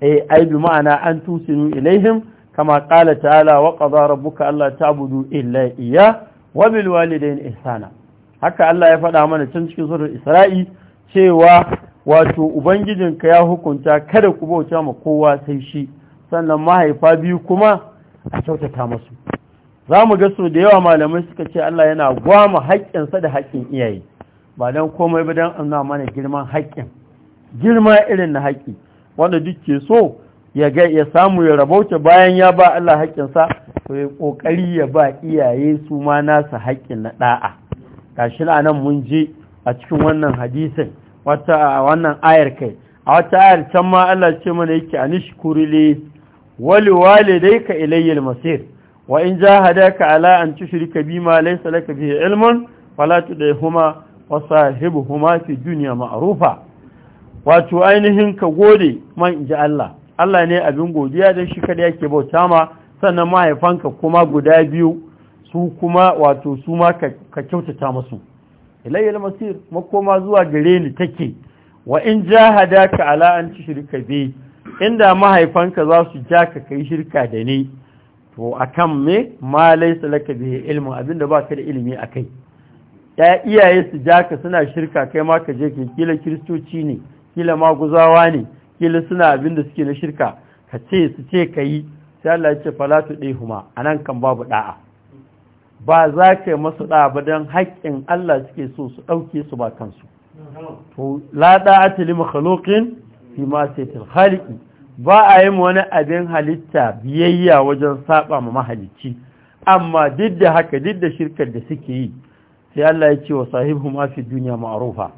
eh ai bi ma'ana an tusinu ilaihim kama qala ta'ala wa qadara rabbuka alla ta'budu illa iya wa bil walidayni ihsana haka Allah ya faɗa mana can cikin surar Isra'i cewa wato ubangijin ka ya hukunta kada ku bauta ma kowa sai shi sannan mahaifa biyu kuma a kyautata masu za mu ga so da yawa malamai suka ce Allah yana gwama haƙƙinsa da haƙƙin iyaye ba don komai ba don ana mana girman haƙƙin girma irin na haƙƙi wanda duk ke so ya ga ya samu ya rabauta bayan ya ba Allah haƙƙinsa to ya ƙoƙari ya ba iyaye su ma nasa haƙƙin na ɗa'a gashi na nan mun je a cikin wannan hadisin wata wannan ayar kai a wata ayar can ma Allah ce mana yake anishkuri li wali walidayka ilayya al-masir wa in jahadaka ala an tushrika bima laysa laka bihi ilmun fala tudihuma huma fi duniya ma'arufa. wato ainihin ka gode man inji Allah Allah ne abin godiya da shi kada yake bauta ma sannan mahaifanka kuma guda biyu su kuma wato su ma ka kyautata musu ilayya masir makoma zuwa gare ni take wa in jahadaka ala an tushrika bi inda mahaifanka za su ja ka kai shirka da ni to akan me ma laysa laka bihi ilmu abinda baka da ilimi akai ya iyaye su ja ka suna shirka kai ma ka je ka kila kiristoci ne kila maguzawa ne kila suna abin da suke na shirka ka ce su ce ka yi sai Allah ya ce falatu ɗai huma a nan kan babu ɗa'a ba za ka yi masu ɗa'a ba don haƙƙin Allah suke so su ɗauke su ba kansu to la ɗa'a tili makhluqin fi ma saytil ba a yi wani abin halitta biyayya wajen saba ma mahalicci amma duk da haka duk da shirkar da suke yi sai Allah ya ce wa sahibu mafi duniya ma'arufa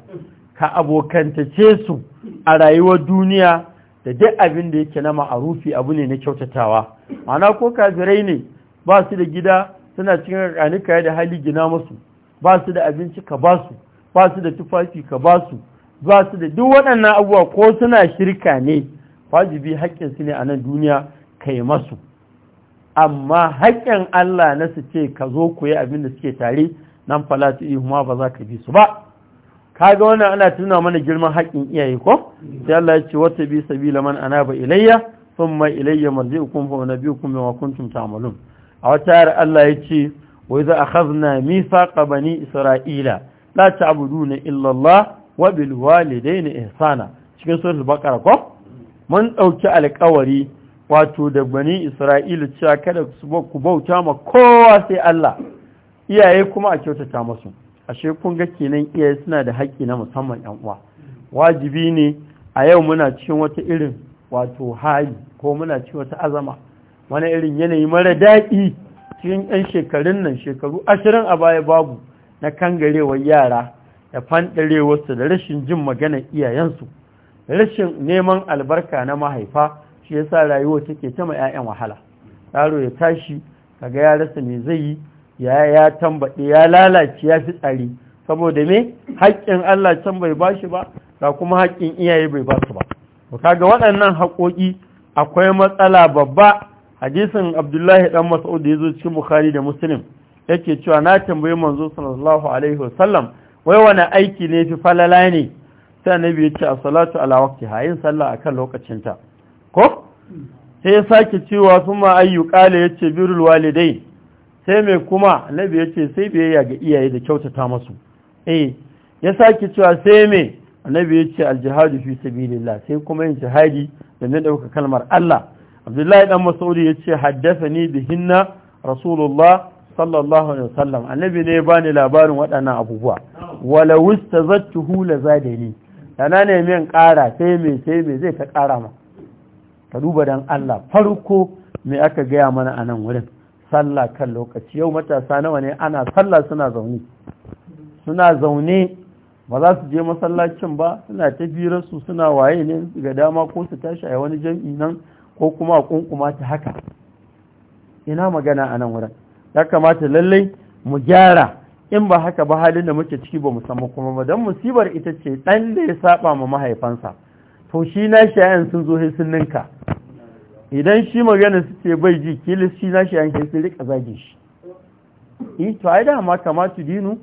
ka abokantace su a rayuwar duniya da duk abin da yake na ma'arufi abu ne na kyautatawa ma'ana ko kafirai ne ba su da gida suna cikin ranika da hali gina masu ba su da abinci ka ba su ba su da tufafi ka ba su ba su da duk waɗannan abubuwa ko suna shirka ne wajibi haƙƙin su ne a nan duniya kai masu amma haƙƙin Allah na su ce ka zo ku yi abin da suke tare nan yi ihuma ba za ka bi su ba Ka ga wannan ana tuna mana girman haƙƙin iyaye ko sai Allah ya ce wata bi sabila man anaba ilayya thumma ilayya marji'ukum fa unabbi'ukum bima kuntum ta'malun a wata yar Allah ya ce wai wa idza akhadna mithaqa bani isra'ila la ta'buduna illa Allah wa bil walidayni ihsana cikin suratul baqara ko mun ɗauki alƙawari wato da bani isra'ila cewa kada ku bauta ma kowa sai Allah iyaye kuma a kyautata masu. ashe kun ga kenan iyaye suna da haƙƙi na musamman yan uwa wajibi ne a yau muna cikin wata irin wato hali ko muna cikin wata azama wani irin yanayi mara daɗi cikin yan shekarun nan shekaru ashirin a baya babu na kangarewar yara da fanɗarewarsu da rashin jin maganar iyayensu rashin neman albarka na mahaifa shi yasa rayuwa take ta ma 'ya'yan wahala yaro ya tashi kaga ya rasa me zai yi ya ya tambaɗe ya lalace ya fi tsari saboda me haƙƙin Allah can bai ba shi ba ga kuma haƙƙin iyaye bai ba su ba to kaga waɗannan haƙoƙi akwai matsala babba hadisin Abdullahi dan Mas'ud da yazo cikin Bukhari da Muslim yake cewa na tambayi manzo sallallahu alaihi wasallam wai wani aiki ne fi falala ne sai annabi ya ce as-salatu ala waqtiha yin sallah akan lokacinta ko sai ya sake cewa kuma ayyuka ya yace birrul walidain sai mai kuma annabi ya ce sai biyayya ga iyaye da kyautata masu eh ya sake cewa sai mai annabi ya ce aljihadu fi sabilillah sai kuma yin jihadi da na ɗauka kalmar Allah Abdullahi dan Mas'ud ya ce Haddasa haddathani bihinna Rasulullah sallallahu alaihi wasallam annabi ne bani labarin waɗannan abubuwa wala wustazattuhu lazadani dana ne min ƙara sai me sai me zai ta ƙara ma ka duba dan Allah farko me aka gaya mana a nan wurin sallah kan lokaci yau matasa nawa ne ana sallah suna zaune suna zaune ba za su je masallacin ba suna ta su suna waye ne ga dama ko su tashi a wani jam'i nan ko kuma a kunkuma ta haka ina magana a nan wurin ya kamata lallai mu gyara in ba haka ba halin da muke ciki ba musamma kuma ba don musibar ita ce ɗan da ya saba ma mahaifansa to shi na shayan sun zo sun ninka idan shi magana su ce bai ji kilis shi na shi an kai rika zage shi yi to ai dama kamata dinu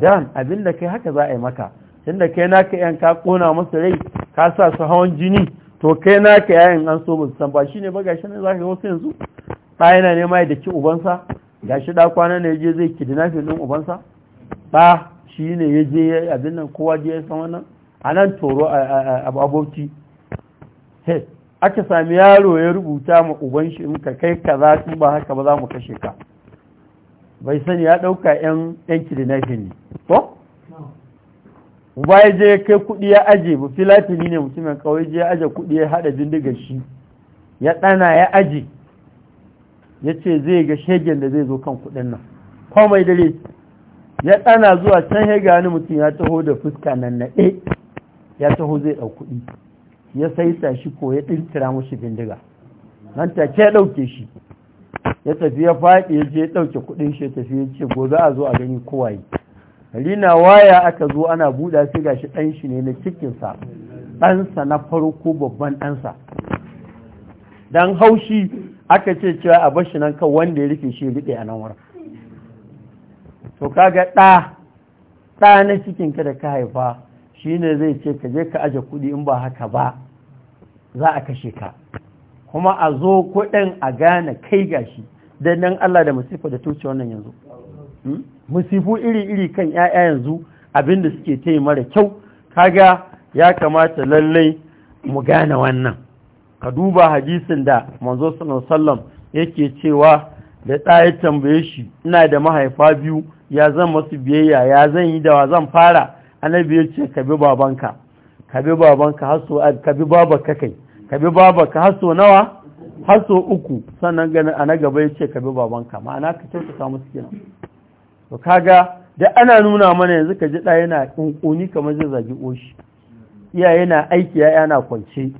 dan da kai haka za a yi maka tun da kai naka yan ka kona masa rai ka sa su hawan jini to kai naka yayin an so musu san ba shine ba gashi ne ka yi wasu yanzu ba yana nema ya daki ubansa gashi ɗa kwana ne je zai kidina filin ubansa ba shi ne ya je abin nan kowa je ya san wannan a nan toro a aboki aka sami yaro ya rubuta ma uban in ka kai kaza su ba haka ba za mu kashe ka bai sani ya ɗauka 'yan kidnapping ne ko? uba ya je kai kuɗi ya aje ba filatini ne mutumin kawai je ya aje kuɗi ya haɗa bindigar shi ya ɗana ya aje ya ce zai ga shegen da zai zo kan kuɗin nan komai dare ya ɗana zuwa can ya gani mutum ya taho da fuska nan naɗe ya taho zai ɗau kuɗi ya saita shi ko ya ɗintira mushi bindiga nan take ya ɗauke shi ya tafi ya faɗi ya je ɗauke kuɗin shi ya tafi ya ce gobe a zo a gani kowaye rina waya aka zo ana buɗa sai gashi ɗan shi ne na cikinsa ɗansa na farko babban ɗansa don haushi aka ce cewa a bashi nan kan wanda ya rufe shi riɗe a nan wurin to kaga ɗa ɗa na cikinka da ka haifa shi ne zai ce ka je ka aje kuɗi in ba haka ba za a kashe ka kuma a zo kuɗin a gane kai gashi don nan Allah da musifa da tuce wannan yanzu musifu hmm? iri-iri kan ‘ya'ya yanzu abin da suke ta yi mara kyau kaga ya kamata lallai mu gane wannan ka duba hadisin da manzo sallam yake cewa da ya tambaye shi ina da mahaifa biyu ya zan masu biyayya ya zan yi da wa zan fara annabi ya ce ka bi babanka ka bi babanka har so ka bi babanka kai ka bi babanka har so nawa har so uku sannan ganin a na gaba ya ce ka bi babanka ma'ana ka kyautata musu kenan to kaga da ana nuna mana yanzu ka ji ɗaya yana ƙunƙuni kamar zai zagi oshi iyaye na aiki ya yana kwance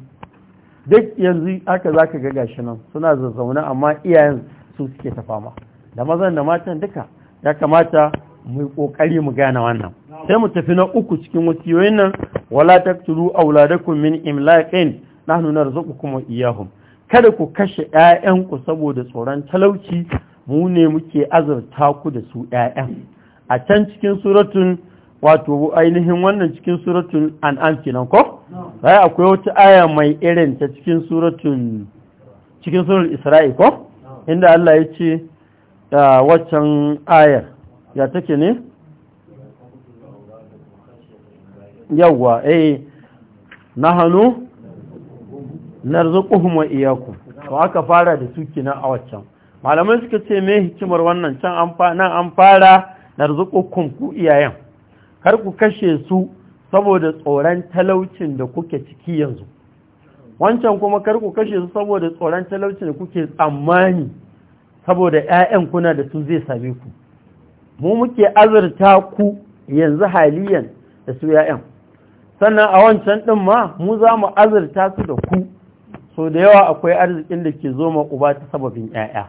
duk yanzu haka za ka gaga shi nan suna zazzauna amma iyayen su suke ta fama da mazan da matan duka ya kamata mu yi ƙoƙari mu gane wannan sai mu tafi na uku cikin wasiyoyin nan wala taqtulu auladakum min imlaqin nahnu narzuqukum wa iyyahum kada ku kashe 'ya'yanku saboda tsoron talauci mu ne muke azurta ku da su ƴaƴan a can cikin suratun wato ainihin wannan cikin suratun an'am kenan ko sai akwai wata aya mai irin ta cikin suratun cikin suratul isra'i ko inda Allah ya ce ah, waccan ayar ya take ne yawwa eh nahanu narzuquhum wa iyyakum to aka fara da su kina a waccan malamai suka ce me hikimar wannan can an fa an fara narzuquhum ku iyayen kar ku kashe su saboda tsoron talaucin da kuke ciki yanzu wancan kuma kar ku kashe su saboda tsoron talaucin da kuke tsammani saboda ƴaƴan kuna da su zai same ku mu muke azurta ku yanzu haliyan da su ƴaƴan sannan a wancan ɗin ma mu za mu azurta su da ku so da yawa akwai arzikin da ke zo ma uba ta sababin ƴaƴa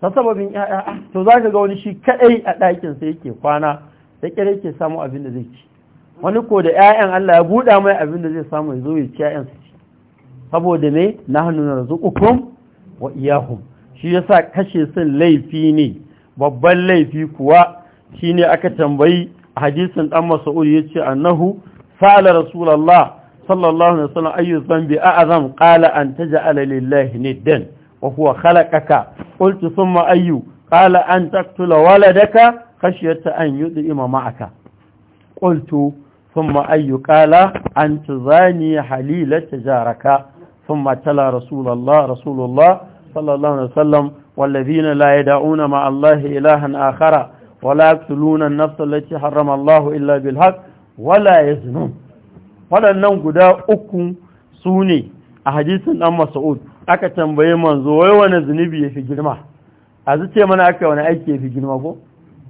ta sababin ƴaƴa to za ka ga wani shi kaɗai a ɗakinsa yake kwana da ƙyar yake samu abin da zai ci wani ko da ƴaƴan Allah ya buɗa mai abin da zai samu ya zo ya ci ƴaƴan su saboda me wa iyahum shi yasa kashe sun laifi ne babban laifi kuwa shine aka tambayi hadisin dan mas'ud yace annahu sa'ala rasulullah sallallahu alaihi wasallam ayyu dhanbi a'zam qala an taj'ala lillahi niddan wa huwa khalaqaka qultu thumma ayyu qala an taqtula waladaka khashyata an yud'ima ma'aka qultu thumma ayyu qala an tuzani halilata jaraka thumma tala rasulullah rasulullah sallallahu alaihi wasallam والذين لا يدعون مع الله إلها akhara. wala yaqtuluna an-nafs allati harrama Allahu illa bil haqq wala yaznun waɗannan guda uku sune a hadisin dan Mas'ud aka tambaye manzo wai wani zunubi yafi girma a zuce mana aka wani aiki yafi girma ko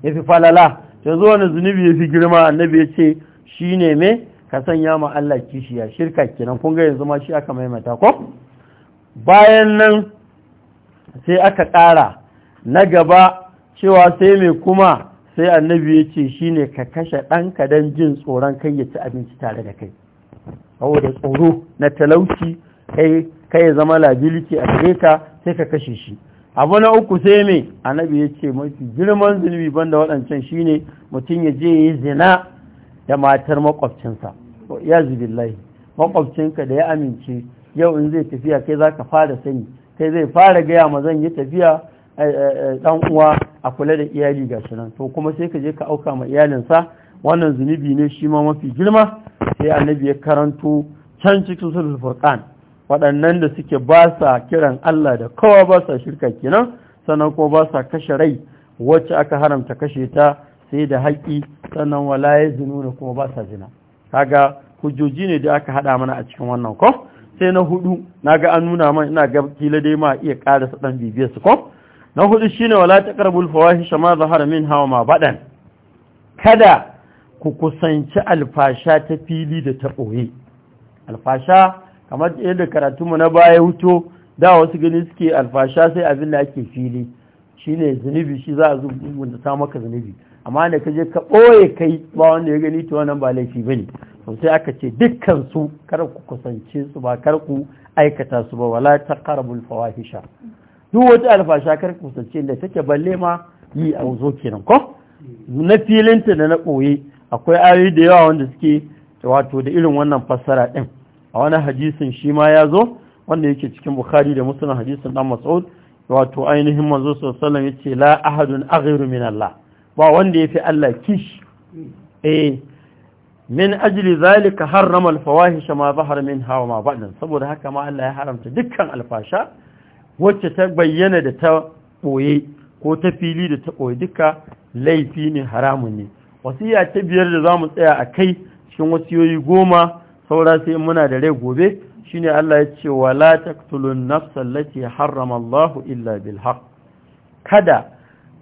yafi falala yanzu wani zunubi yafi girma annabi ya ce shine me ka sanya ma Allah kishiya shirka kenan kun ga yanzu ma shi aka maimaita ko bayan nan sai aka ƙara na gaba cewa sai mai kuma sai annabi ya ce shi ne ka kashe ɗanka don jin tsoron kai ya ci abinci tare da kai saboda tsoro na talauci kai kai zama labiliki a gare ka sai ka kashe shi abu na uku sai mai annabi ya ce mafi girman zunubi banda waɗancan shi ne mutum ya je ya yi zina da matar makwabcinsa ya zubillahi makwabcinka da ya amince yau in zai tafiya kai za ka fara sani kai zai fara gaya ma zan yi tafiya Eh, eh, eh, dan uwa a kula da iyali ga shi nan to kuma sai ka je ka auka ma iyalinsa wannan zunubi ne shi ma mafi girma sai annabi ya karanto can cikin sulhul furqan waɗannan da suke ba sa kiran Allah da kowa ba sa shirka kenan sannan kuma ba sa kashe rai wacce aka haramta kashe ta sai da haƙi sannan wala ya zununa kuma ba sa zina kaga hujjoji ne da aka hada mana a cikin wannan ko sai na hudu naga an nuna mana ina ga kila dai ma iya karasa ɗan bibiyar su ko na hudu ne wala taqrabul fawahisha shama zahara min hawa ma baɗan? kada ku kusanci alfasha ta fili da ta ɓoye alfasha kamar yadda karatunmu na baya wuto da wasu gani suke alfasha sai abin da ake fili shi ne zunubi shi za a zubunta ta maka zunubi amma da ka je ka ɓoye kai ba wanda ya gani ta wannan ba laifi ba ne sosai aka ce dukkan su kar ku kusance su ba kar ku aikata su ba wala taqrabul fawahisha duk wata alfasha kar kusance da take balle ma yi a zo kenan ko na filinta da na ɓoye akwai ayoyi da yawa wanda suke wato da irin wannan fassara ɗin a wani hadisin shi ma ya zo wanda yake cikin bukhari da musulun hadisin dan mas'ud wato ainihin manzo sallallahu ya ce la ahadun aghiru min Allah ba wanda yafi Allah kish eh min ajli zalika harrama al-fawahisha ma zahara minha wa ma badan saboda haka ma Allah ya haramta dukkan alfasha wacce ta bayyana da ta ɓoye ko ta fili da ta ɓoye duka laifi ne haramun ne wasiya ta biyar da za mu tsaya a kai cikin wasiyoyi goma saura sai muna da rai gobe shi ne Allah ya ce wala taqtulun nafsan lati harrama Allahu illa bil kada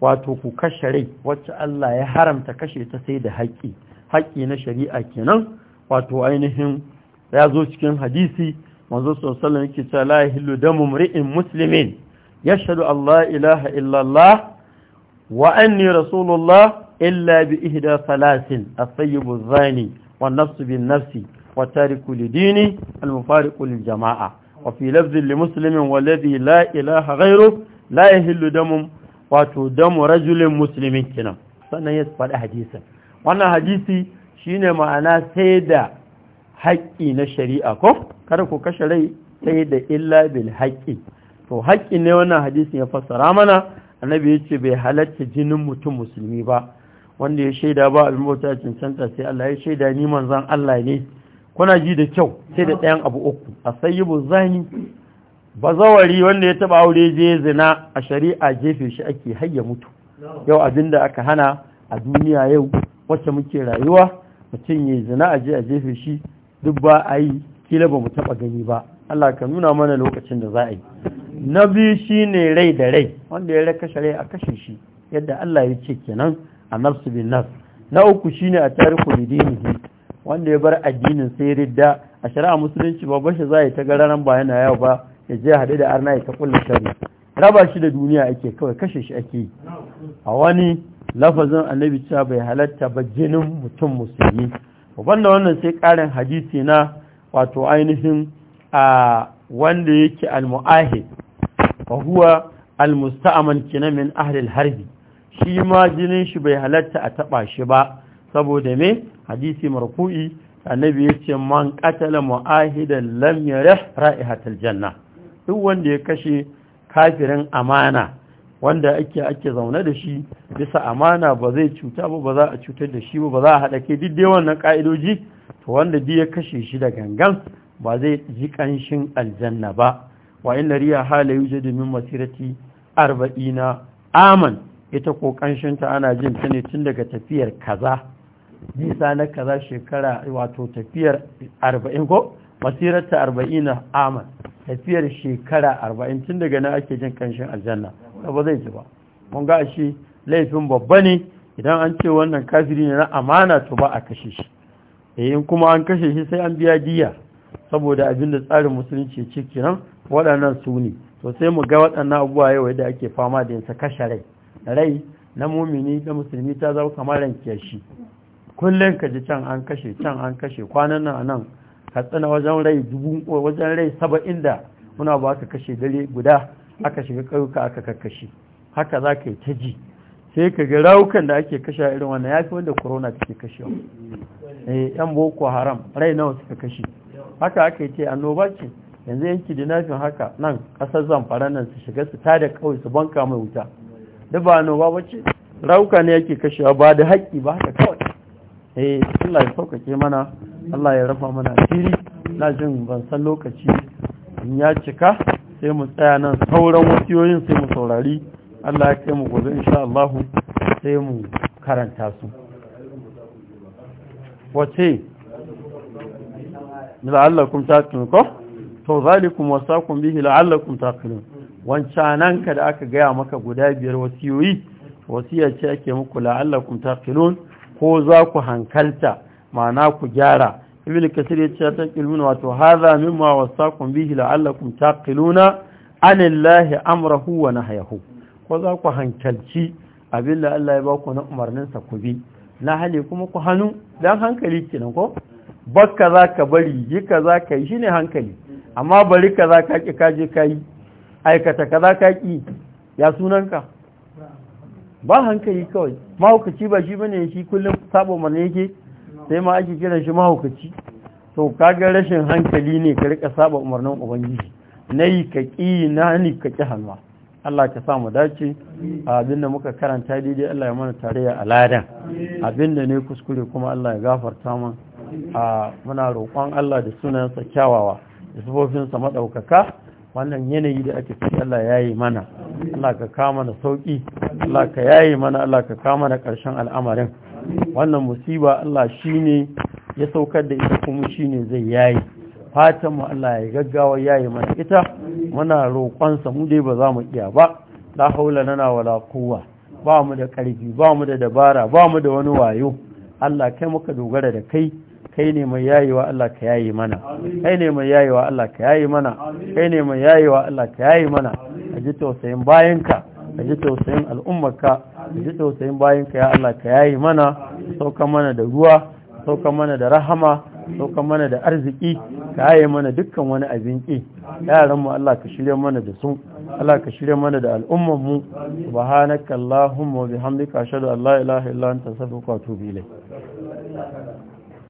wato ku kashe rai wacce Allah ya haramta kashe ta sai da haƙƙi haƙƙi na shari'a kenan wato ainihin ya zo cikin hadisi manzo sallallahu alaihi yake cewa la yahillu damu mri'in muslimin yashhadu an la ilaha illa Allah wa anni rasulullah illa bi ihda salasin as-sayyibu zani wan nafsu bin nafsi wa tariku lidini al-mufariqu lil jama'a wa fi lafzin li muslimin walladhi la ilaha ghayru la yahillu damu wato damu rajulin muslimin kinan sannan ya faɗi hadisin wannan hadisi shine ma'ana sai da haƙƙi na shari'a ko kada ku kashe rai sai da illa bil haƙƙi to haƙƙi ne wannan hadisin ya fassara mana annabi ya ce bai halatta jinin mutum musulmi ba wanda ya shaida ba abin bauta cancanta sai Allah ya shaida ni manzan Allah ne kuna ji da kyau sai da ɗayan abu uku a sayyibu zani bazawari wanda ya taba aure je zina a shari'a jefe shi ake hayya mutu yau abin da aka hana a duniya yau wacce muke rayuwa mutum ya zina a je a jefe shi duk ba a yi kila ba mu taba gani ba Allah ka nuna mana lokacin da za a yi na biyu shi ne rai da rai wanda ya kashe rai a kashe shi yadda Allah ya ce kenan a nafsu bin nas na uku shi ne a tariku bidinihi wanda ya bar addinin sai ridda a shari'a musulunci ba bashi za a yi ta gararan ba yana yau ba ya je haɗe da arna ya ta kulle shari raba shi da duniya ake kawai kashe shi ake yi a wani lafazin annabi cewa bai halatta ba jinin mutum musulmi da wannan sai ƙarin hadisi na wato ainihin a wanda yake al-mu'ahid wa huwa al-musta'man min ahli al-harbi shi ma jinin shi bai halatta a taba shi ba saboda me hadisi marfu'i annabi yace man qatala mu'ahidan lam yarih ra'ihatal janna duk wanda ya kashe kafirin amana wanda ake ake zaune da shi bisa amana ba zai cuta ba ba za a cutar da shi ba ba za a haɗa ke duk dai wannan ƙa'idoji to wanda duk ya kashe shi da gangan ba zai ji ƙanshin aljanna ba wa inna riya hala yujadu min masirati arba'ina aman ita ko ƙanshinta ana jin ta ne tun daga tafiyar kaza nisa na kaza shekara wato tafiyar arba'in ko masirata arba'ina aman tafiyar shekara arba'in tun daga nan ake jin ƙanshin aljanna ba zai ji ba mun ga shi laifin babba ne idan an ce wannan kafiri ne na amana to ba a kashe shi eh in kuma an kashe shi sai an biya diya saboda abinda tsarin musulunci ya ce kiran waɗannan su ne to sai mu ga waɗannan abubuwa yau da ake fama da yansa kashe rai rai na mumini da musulmi ta zama kamar rankiyar shi kullum ka ji can an kashe can an kashe kwanan nan a nan ka tsina wajen rai dubu wajen rai saba'in da muna ba ka kashe gare guda aka shiga ƙauka aka kakkashi haka za ka yi ta ji sai ka ga raukan da ake kashe irin wannan ya fi wanda corona take kashewa eh yan boko haram rai nawa suka kashe haka aka yi ce a ce yanzu yanki da nafin haka nan ƙasar zamfara nan su shiga su tada kawai su banka mai wuta duk ba annoba ba ce rauka ne yake kashewa ba da haƙƙi ba haka kawai eh Allah ya sauƙaƙe mana Allah ya rafa mana asiri na jin ban san lokaci in ya cika sai mu tsaya nan sauran wasiyoyin sai mu saurari Allah ya kai mu gobe insha Allah sai mu karanta su wace la'allakum taqilun ko to zalikum wasaqum bihi la'allakum taqilun nan ka da aka gaya maka guda biyar wasiyoyi wasiya ce ake muku la'allakum taqilun ko za ku hankalta ma'ana ku gyara ibn kasir ya ce ta kilmuna wato hadha mimma wasaqum bihi la'allakum taqiluna anillahi amrahu wa nahyahu ko za ku hankalci abin da Allah ya ba ku na umarnin sa ku bi na hali kuma ku hannu dan hankali kenan ko bakka zaka bari yi kaza kai shine hankali amma bari kaza ka ki kaje kai aikata kaza ka ki ya sunanka ba hankali kawai mahaukaci ba shi bane shi kullum sabo mana yake sai ma ake kiran shi mahaukaci to kaga rashin hankali ne ka rika saba umarnin ubangiji nayi ka ki na ni ka ki halwa Allah ka samu dace abinda muka karanta daidai Allah ya mana tarayya a ladan abinda ne kuskure kuma Allah ya gafarta mu a muna roƙon Allah da sunansa kyawawa da sa madaukaka. wannan yanayi da ake ciki Allah ya yi mana Allah ka kama na sauƙi Allah ka yayi mana Allah ka kama na ƙarshen al'amarin wannan musiba Allah shi ne ya saukar da ita kuma shi ne zai yayi fatan mu Allah ya gaggawa yayi mana ita muna roƙonsa mu dai ba za mu iya ba la haula lana wala quwwa ba mu da ƙarfi ba mu da dabara ba mu da wani wayo Allah kai muka dogara da kai kai ne mai yayewa Allah ka yayi mana kai ne mai yayewa Allah ka yayi mana kai ne mai yayewa Allah ka yayi mana aji tausayin bayanka aji ji tausayin al'ummarka ka ji tausayin bayan ka ya Allah ka yayi mana sauka mana da ruwa sauka mana da rahama sauka mana da arziki ka yaye mana dukkan wani abin ki yaran mu Allah ka shirye mana da su Allah ka shirye mana da al'umman mu subhanakallahumma wa bihamdika ashhadu an la ilaha illa anta astaghfiruka wa atubu ilayk